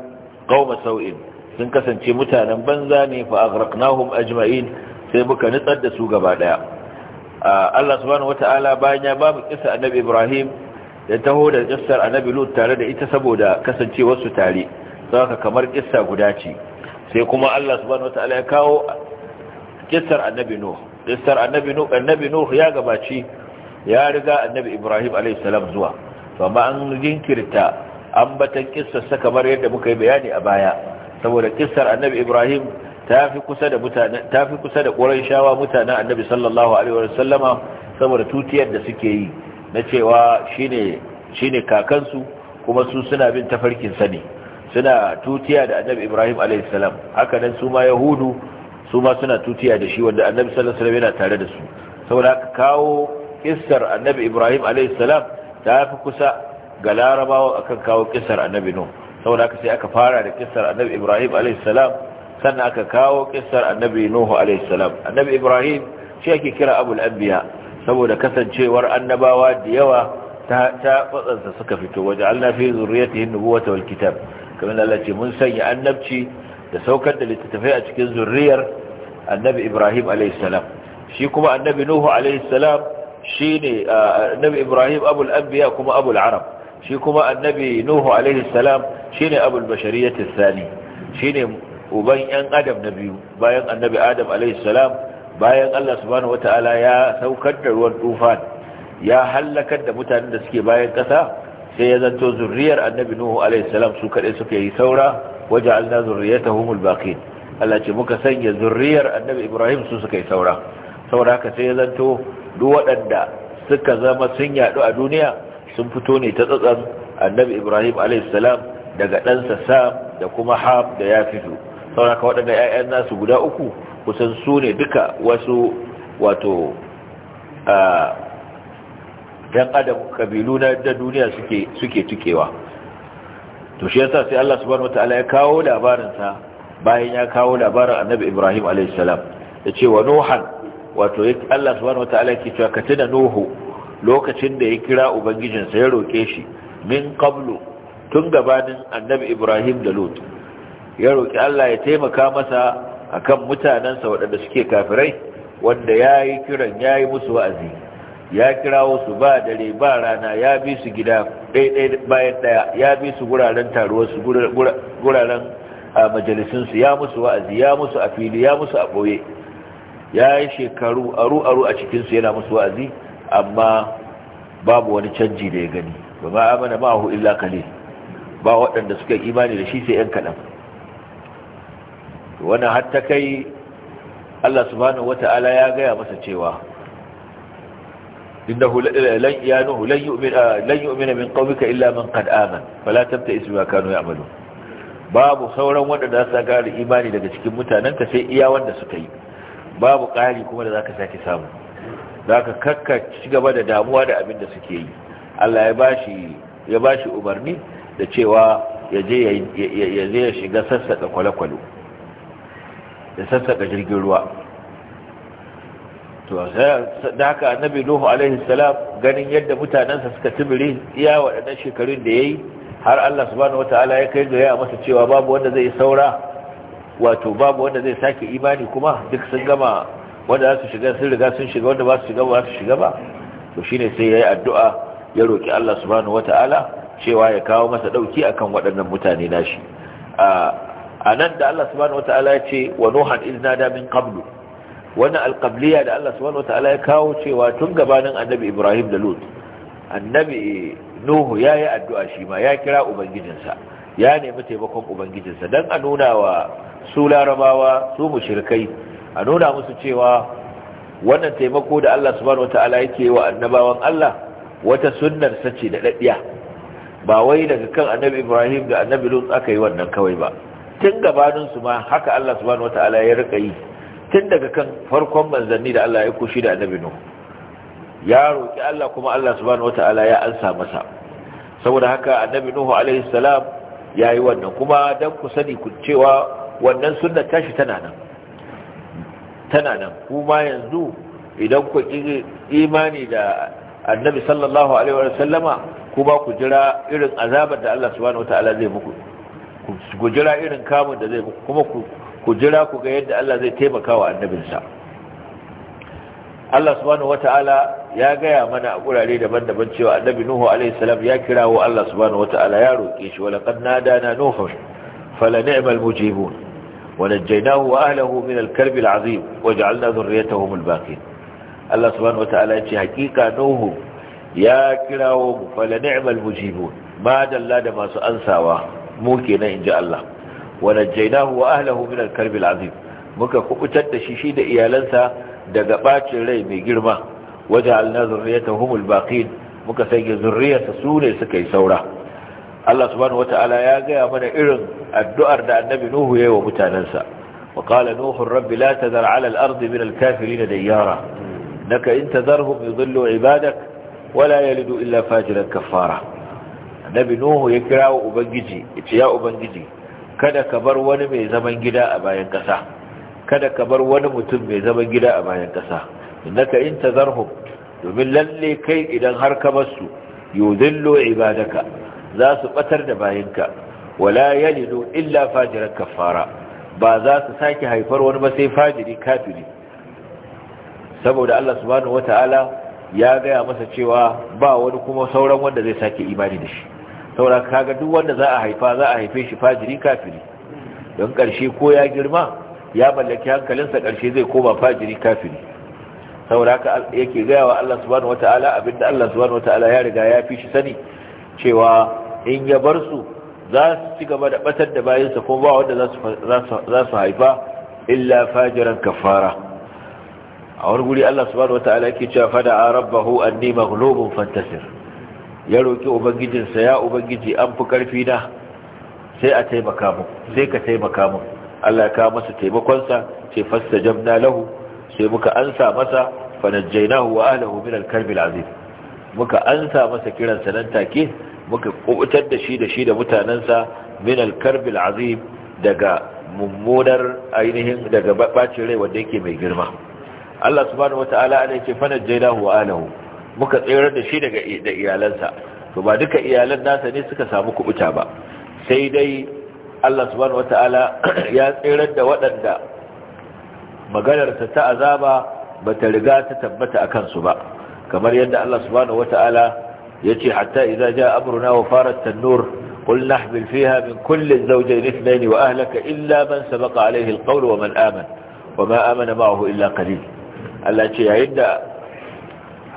qauma sau'in sun kasance mutanen banza ne fa aghraqnahum ajma'in sai muka nutsar da su gaba daya ah, Allah subhanahu wataala bayan ya babu kisa annabi Ibrahim ya taho da kissar annabi lut tare da ita saboda kasancewar su tare saka kamar kissa guda ce sai kuma Allah subhanahu wataala ya kawo kissar annabi nuh kissar annabi nuh annabi nuh ya gabaci ya riga annabi ibrahim alayhi salam zuwa to amma an jinkirta ambatan kissar sa kamar yadda muka yi bayani a baya saboda kissar annabi ibrahim fi kusa da mutanen shawa kusa da mutanen annabi sallallahu alaihi wasallama saboda tutiyar da suke yi na cewa shi ne kakansu kuma su suna bin tafarkinsa ne suna tutiya da annabi ibrahim a.s. haka nan su ma yahudu su ma suna tutiya da shi wanda annabi sallallahu yana tare da su saboda haka kawo kisar annabi ibrahim a.s. ta fi kusa ga larabawa akan kawo kisar annabi nuh saboda haka sai aka fara da kisar annabi ibrahim a.s. sannan aka kawo kisar annabi nuhu a.s. annabi ibrahim shi ake kira abul anbiya saboda kasancewar annabawa da yawa ta kwatsansa suka fito waje Allah fi zurriyatihin nubuwata wal kitab kamar Allah ce mun sanya annabci da saukar da littattafai a cikin zurriyar annabi Ibrahim alayhi salam shi kuma annabi Nuhu alayhi salam shine annabi Ibrahim abul anbiya kuma abul arab shi kuma annabi Nuhu alayhi salam shine abul bashariyati thani shine uban yan adam na biyu bayan annabi Adam alayhi salam bayan Allah subhanahu wataala ya saukar da ruwan tufan ya halakar da mutanen da suke bayan ƙasa, sai ya zanto zurriyar annabi nuhu alaihi salam su kaɗai suka yi saura ta humul baqin Allah ce muka sanya zurriyar annabi Ibrahim su suka yi saura saboda haka sai ya zanto duk waɗanda suka zama sun yadu a duniya sun fito ne ta tsatsan annabi Ibrahim alaihi salam daga ɗansa Sam da kuma Ham da ya fito sauraka waɗanda 'ya'yan nasu guda uku kusan su ne duka wasu wato ɗan adam ƙabilu na da duniya suke cikewa tukewa to shi yasa sai Allah subhanahu wataala ya kawo labarin sa bayan ya kawo labarin Annabi Ibrahim alayhi salam ce wa nuhan wato Allah subhanahu wataala yake cewa ka nuhu lokacin da ya kira ubangijinsa ya roke shi min qablu tun gabanin Annabi Ibrahim da Lut ya roƙi Allah ya taimaka masa a kan mutanensa waɗanda suke kafirai wanda ya yi kiran ya yi musu wa'azi ya kira su ba dare ba rana ya bi su gida ɗaiɗai bayan ɗaya ya bi su guraren su guraren a majalisinsu ya musu wa'azi ya musu a fili ya musu a ɓoye ya yi shekaru aru-aru a cikinsu yana musu wa'azi amma babu wani canji da ya gani ba ma amana ma'ahu illa kalil ba waɗanda suka imani da shi sai 'yan kaɗan wani har kai Allah subhanahu wata'ala ya gaya masa cewa innahu lan yanuhu lan yu'mina ah, lan yu'mina min qawmika illa man qad amana fala tabta'is bima kanu ya'malun babu sauran wadanda za su ga imani daga cikin mutanenka sai iya wanda suka yi babu ƙari kuma da zaka sake samu zaka kakka ci gaba da damuwa da abin da suke yi Allah ya bashi ya bashi umarni da cewa ya je ya shiga sassaka kwale-kwale da sassaka jirgin ruwa to da haka annabi nuhu alaihi salam ganin yadda mutanensa suka tibire iya waɗannan shekarun da yayi har Allah subhanahu wataala ya kai gaya masa cewa babu wanda zai saura wato babu wanda zai sake imani kuma duk sun gama wanda za su shiga sun riga sun shiga wanda ba su shiga ba su shiga ba to shine sai yayi addu'a ya roki Allah subhanahu wataala cewa ya kawo masa dauki akan waɗannan mutane nashi a a nan da Allah subhanahu wata'ala ya ce wa nuhan iznada min qablu wani alqabliya da Allah subhanahu ya kawo cewa tun gabanin annabi Ibrahim da Lut annabi Nuhu yi addu'a shi ma ya kira ubangijinsa ya nemi taimakon ubangijinsa dan a nuna wa su larabawa su mushrikai a nuna musu cewa wannan taimako da Allah subhanahu wata'ala yake wa annabawan Allah wata sunnar sace da daddiya ba wai daga kan annabi Ibrahim da annabi Lut aka yi wannan kawai ba tun gabanin su ma haka Allah subhanahu wata'ala ya rika yi tun daga kan farkon manzanni da Allah ya kushi da annabi nuhu ya roki Allah kuma Allah subhanahu wata'ala ya ansa masa saboda haka annabi nuhu alaihi salam yayi wannan kuma dan ku sani ku cewa wannan sunna tashi tana nan tana nan kuma yanzu idan ku imani da annabi sallallahu alaihi wa sallama kuma ku jira irin azabar da Allah subhanahu wata'ala zai muku ku jira irin kamun da zai kuma ku jira ku ga yadda Allah zai taimaka wa annabinsa Allah subhanahu wataala ya gaya mana a gurare daban-daban cewa annabi Nuhu alaihi salam ya kirawo Allah subhanahu wataala ya roke shi walaqad nadana nuhu fala ni'mal mujibun wanajjaynahu wa ahlihi min al-karb al-azim waj'alna dhurriyyatahum al-baqin Allah subhanahu wataala ya ce hakika Nuhu ya kirawo fala ni'mal mujibun ma dalla da masu ansawa mu kenan inji Allah wa jainahu wa ahlahu min al-karb al-azim muka kubutar da shi shi da iyalansa daga bacin rai mai girma waja'alna zurriyatahum al-baqin muka sanya zurriyarsa su ne suka yi saura Allah subhanahu wata'ala ya gaya mana irin addu'ar da annabi Nuhu ya yi wa mutanensa wa qala nuhu rabbi la tadhar 'ala al-ardi min al-kafirin dayyara naka in tadharhum yudhillu 'ibadak wa la yalidu illa fajiran kaffara annabi nuhu ya kira wa ubangiji yace ya ubangiji kada ka bar wani mai zaman gida a bayan kasa kada ka bar wani mutum mai zaman gida a bayan kasa innaka in tazarhum domin lalle kai idan har ka barsu yudillu ibadaka za su batar da bayinka wala yalidu illa fajiran kafara ba za su sake haifar wani ba sai fajiri kafiri saboda Allah subhanahu wata'ala ya gaya masa cewa ba wani kuma sauran wanda zai sake imani da shi saura kaga duk wanda za a haifa za a haife shi fajiri kafiri don ƙarshe ko ya girma ya mallaki hankalinsa karshe zai koma fajiri kafiri saura ka yake gaya wa Allah subhanahu wata'ala abinda Allah subhanahu wata'ala ya riga ya fi shi sani cewa in ya bar su za su ci gaba da batar da bayansa ko ba wanda za su haifa illa fajiran kafara a wani guri Allah subhanahu wata'ala yake cewa fada rabbahu anni maghlubun fantasir ya roƙi ubangijinsa ya ubangiji an fi ƙarfi na sai a taimaka mu sai ka taimaka mu Allah ya kawo masa taimakonsa sai fasta jamna lahu sai muka ansa masa fanajjaynahu wa ahlihi min al al azim muka ansa masa kiran sa nan take muka kubutar da shi da shi da mutanansa min al al azim daga mummunar ainihin daga bacin rai wanda yake mai girma Allah subhanahu wataala ne ce fanajjaynahu wa ahlihi muka tsere da shi daga da iyalansa to ba duka iyalan nasa ne suka samu kubuta ba sai dai Allah subhanahu wataala <clears throat> ya tsere da waɗanda maganarsa ta azaba bata riga ta tabbata akan su ba kamar yadda Allah subhanahu wataala yace hatta idza jaa amruna wa farat an-nur قل نحمل فيها من كل الزوجين اثنين وأهلك إلا من سبق عليه القول ومن آمن وما آمن معه إلا قليل التي عند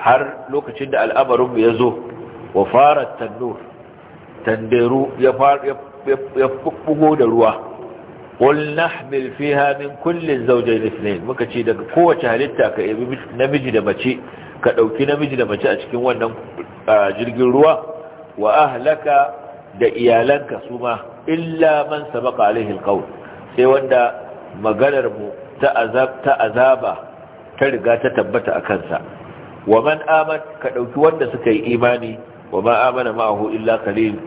har lokacin da al'amarinmu ya zo wa fara tannur tanderu ya bugo da ruwa qul nahmil hamin kullum kullin zawjayn ithnayn muka ce daga kowace halitta ka yi namiji da mace ka ɗauki namiji da mace a cikin wannan jirgin ruwa wa ahlaka da iyalanka su ma illa man sabaqa alaihi alqawl sai wanda maganarmu ta azaba ta riga ta tabbata a kansa. wa man aman ka ɗauki wanda suka yi imani wa ma amana ma'ahu illa qalil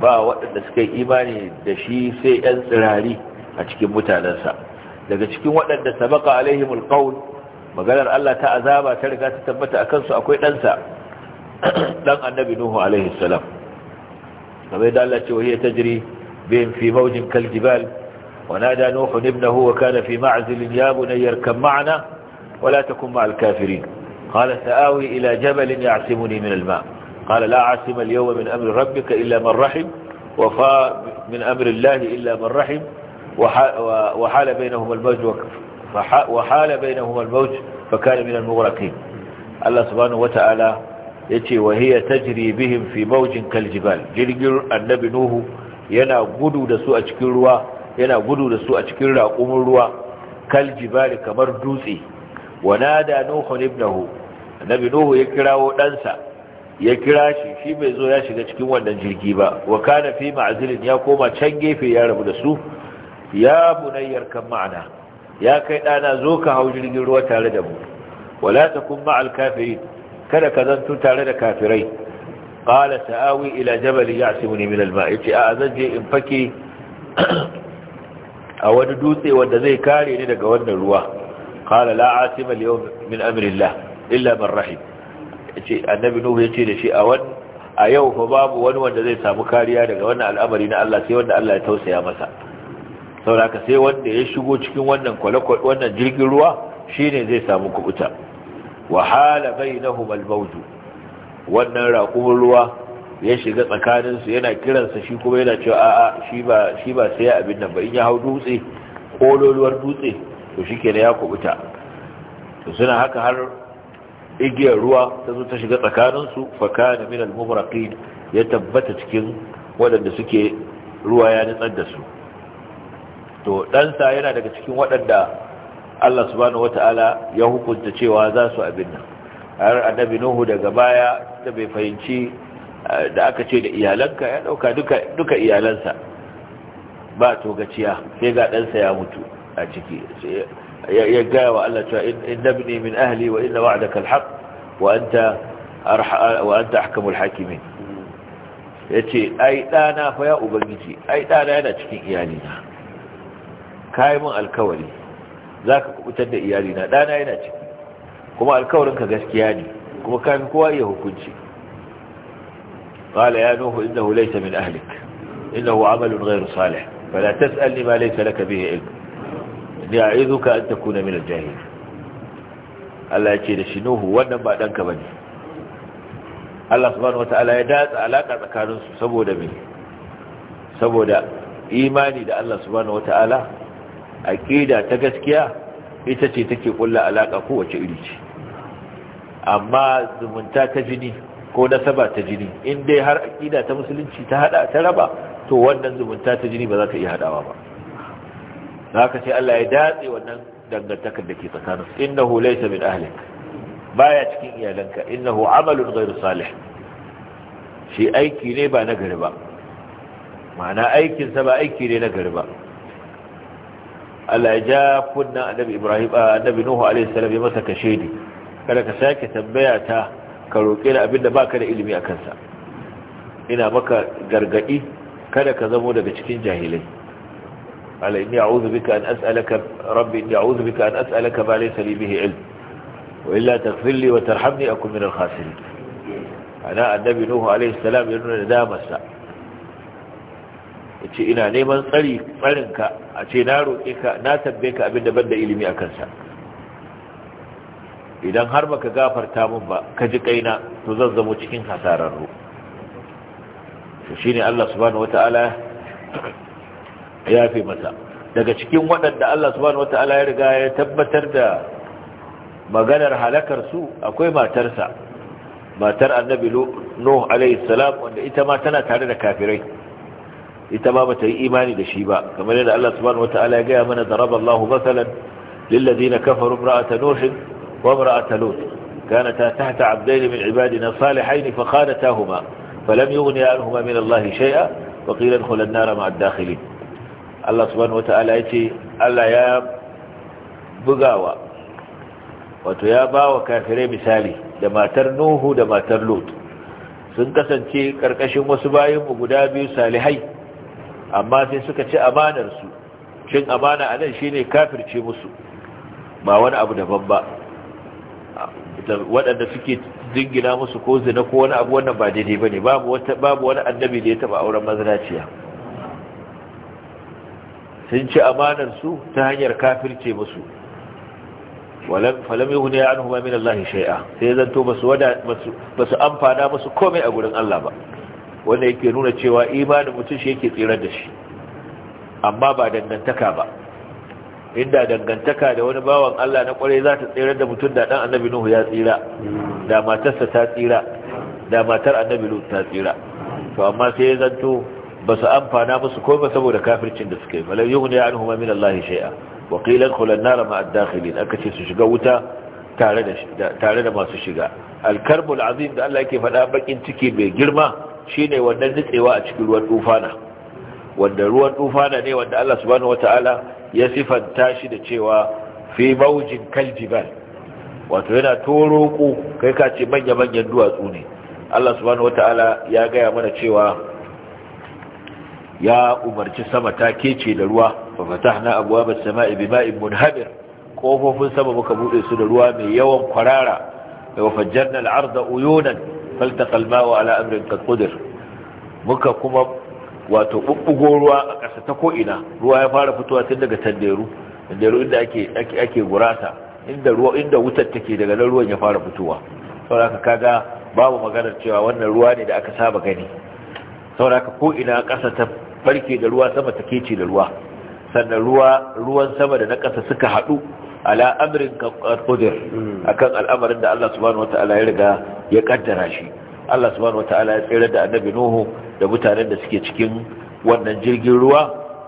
ba waɗanda suka yi imani da shi sai ‘yan tsirari a cikin mutanensa daga cikin waɗanda sabaka alaihimul qaul maganar Allah ta azaba ta riga ta tabbata a kansu akwai ɗansa <clears throat> ɗan annabi Nuhu alaihi salam kamar da Allah ce wa hiya tajri bihim fi mawjin kaljibal. wa nada Nuhu ibnahu wa kana fi ma'zilin ya bunayya kam ma'ana wala la takun ma'al kafirin قال سآوي إلى جبل يعصمني من الماء قال لا عاسم اليوم من أمر ربك إلا من رحم وفاء من أمر الله إلا من رحم وحال بينهما الموج وحال بينهما الموج فكان من المغرقين الله سبحانه وتعالى يتي وهي تجري بهم في موج كالجبال جلجل النبي نوه ينا قدو دسوء تكروا ينا قدو دسوء تكروا أمروا كالجبال كمردوسي ونادى نوح ابنه annabi nuhu ya kirawo ɗansa ya kira shi shi bai zo ya shiga cikin wannan jirgi ba wa kana fi ma'zilin ya koma can gefe ya rabu da su ya bunayyar kan ma'ana ya kai ɗana zo ka hau jirgin ruwa tare da mu wala takun ma'al kafirin kada ka zanto tare da kafirai qala sa'awi ila jabal ya'simuni min al-ma' zan je in fake <clears throat> a wani dutse wanda zai kare ni daga wannan ruwa qala la asima al-yawm min amrillah illa man rahim yace annabi nuhu yace da shi a wan a yau fa babu wani wanda zai samu kariya daga wannan al'amari na Allah sai wanda Allah ya tausaya masa saboda sai wanda ya shigo cikin wannan kwalakwal wannan jirgin ruwa shine zai samu kubuta wa hala bainahum al-mawj wannan raƙumin ruwa ya shiga tsakanin su yana kiransa shi kuma yana cewa a'a shi ba shi ba sai abin nan ba in ya hau dutse kololuwar dutse to shikenan ya kubuta to suna haka har igiyar ruwa ta zo ta shiga tsakaninsu faka min al-mubraqin ya tabbata cikin waɗanda suke ruwa ya nitsar da su to ɗansa yana daga cikin waɗanda Allah subhanahu wata'ala ya hukunta cewa za su abin nan har annabi nuhu daga baya da bai fahimci da aka ce da iyalanka ya ɗauka duka iyalansa ba to gaciya sai ga ɗansa ya mutu a ciki ya gaya wa Allah cewa inna ibni min ahli wa inna wa'daka alhaq wa anta wa anta ahkamul hakimin yace ai dana fa ya ubangiji ai dana yana cikin iyalina kai mun alkawari zaka kubutar da iyalina dana yana ciki kuma alkawarin ka gaskiya ne kuma kai kowa ya hukunci qala ya nuhu innahu laysa min ahlik innahu ya izu ka an takuna na al-jahil Allah ya ce da shi Nuhu wannan ba danka ne. Allah subhanahu wataala ya datsa alaƙa tsakaninsu saboda me saboda imani da Allah subhanahu wataala ƙida ta gaskiya ita ce take kulla alaka kowace iri ce amma zumunta ta jini ko nasaba ta jini in dai har ƙida ta musulunci ta haɗa ta raba to wannan zumunta ta jini ba za ta iya haɗawa ba haka sai Allah ya datse wannan dangantakar da ke tsakaninsu innahu laysa min ahlik baya cikin iyalanka innahu amalun ghairu salih shi aiki ne ba nagari ba ma'ana aikin sa ba aiki ne nagari ba Allah ya ja kunna annabi Ibrahim annabi Nuhu alaihi salam ya masa kashe kashedi kada ka sake tambaya ta ka roƙe ni abinda baka da ilimi akan sa ina maka gargadi kada ka zamo daga cikin jahilai قال إني أعوذ بك أن أسألك رب إني أعوذ بك أن أسألك ما ليس لي به علم وإلا تغفر لي وترحمني أكون من الخاسرين أنا النبي نوح عليه السلام يقول لنا مساء ce ina neman tsarin ka? a ce na roƙe ka na tabbe ka abinda banda ilimi a kansa idan har baka gafarta mun ba ka ji kaina to zan cikin hasararru shi Allah subhanahu fi masa daga cikin waɗanda Allah subhanahu wata'ala ya riga ya tabbatar da maganar halakar su akwai matarsa matar annabi Nuh alaihi salam wanda ita ma tana tare da kafirai ita ma bata yi imani da shi ba kamar yadda Allah subhanahu wata'ala ya gaya mana daraba masalan lil ladina kafaru imra'at nuh wa imra'at lut kanata tahta 'abdayn min 'ibadina salihayn fa khanatahuma falam yughni anhuma min Allah shay'a وقيل ادخل النار مع الداخلين Allah subhanahu wata'ala ya ce Allah ya bugawa wato ya bawa kafirai misali da matar Nuhu da matar lot sun kasance karkashin wasu bayanmu guda biyu salihai amma sai suka ci amanarsu su cin amana anan shine kafirce musu ba wani abu daban ba waɗanda suke jingina musu ko zina ko wani abu wannan ba daidai bane babu wani annabi da ya taba auren mazinaciya sun ci amanar su ta hanyar kafirce musu falam yuhni anhu min Allah shay'a sai zanto basu wada basu amfana musu komai a gurin Allah ba wanda yake nuna cewa imanin mutum shi yake tsirar da shi amma ba dangantaka ba inda dangantaka da wani bawan Allah na kwarai za ta tsirar da mutum da dan annabi Nuhu ya tsira da matarsa ta tsira da matar annabi Lut ta tsira to amma sai zanto ba su amfana musu ko ba saboda kafircin da suka yi malar yuhun ya anhu min Allah shay'a wa qila khulan nar ma aka ce su shiga wuta tare da masu shiga al azim da Allah yake faɗa bakin ciki mai girma shine wannan nitsewa a cikin ruwan tufana wanda ruwan tufana ne wanda Allah subhanahu wataala ya sifanta shi da cewa fi maujin kaljibal wato yana toroko kai ka ce manya-manyan duwatsu ne Allah subhanahu wataala ya gaya mana cewa ya umarci sama ta kece da ruwa fa fatahna ba as-samaa'i bima'in munhamir kofofin sama muka buɗe su da ruwa mai yawan kwarara wa fajjarna al-arda uyunan faltaqa al-ma'u ala amrin muka kuma wato bubbugo ruwa a ƙasa ta ko'ina. ruwa ya fara fitowa tun daga tanderu tanderu inda ake gurasa inda ruwa inda wutar take daga nan ruwan ya fara fitowa saboda kaga babu maganar cewa wannan ruwa ne da aka saba gani saboda ko'ina ina ƙasa ta barke da ruwa sama ta ce da ruwa sannan ruwa ruwan sama da na ƙasa suka haɗu ala amrin qadir akan al'amarin da Allah subhanahu wataala ya riga ya kaddara shi Allah subhanahu wataala ya tsere da annabi Nuhu da mutanen da suke cikin wannan jirgin ruwa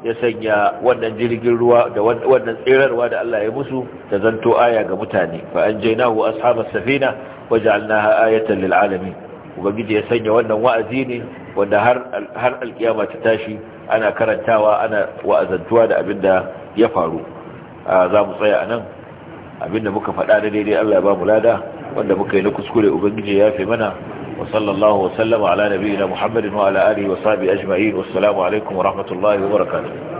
ya sanya wannan jirgin ruwa da wannan tserarwa da Allah ya musu da zanto aya ga mutane fa anjaynahu ashabas safina waja'alnaha ayatan lil alamin ubangiji ya sanya wannan wa'azi ne wanda har alkiyama ta tashi ana karantawa ana wa'azantuwa da abin da ya faru za mu tsaya a nan abin da muka faɗa da daidai Allah ya ba mu lada wanda muka yi na kuskure ubangiji ya fi mana wa sallallahu wa sallama ala nabiyina muhammadin wa ala wa sahbihi ajma'in alaikum wa rahmatullahi wa barakatuh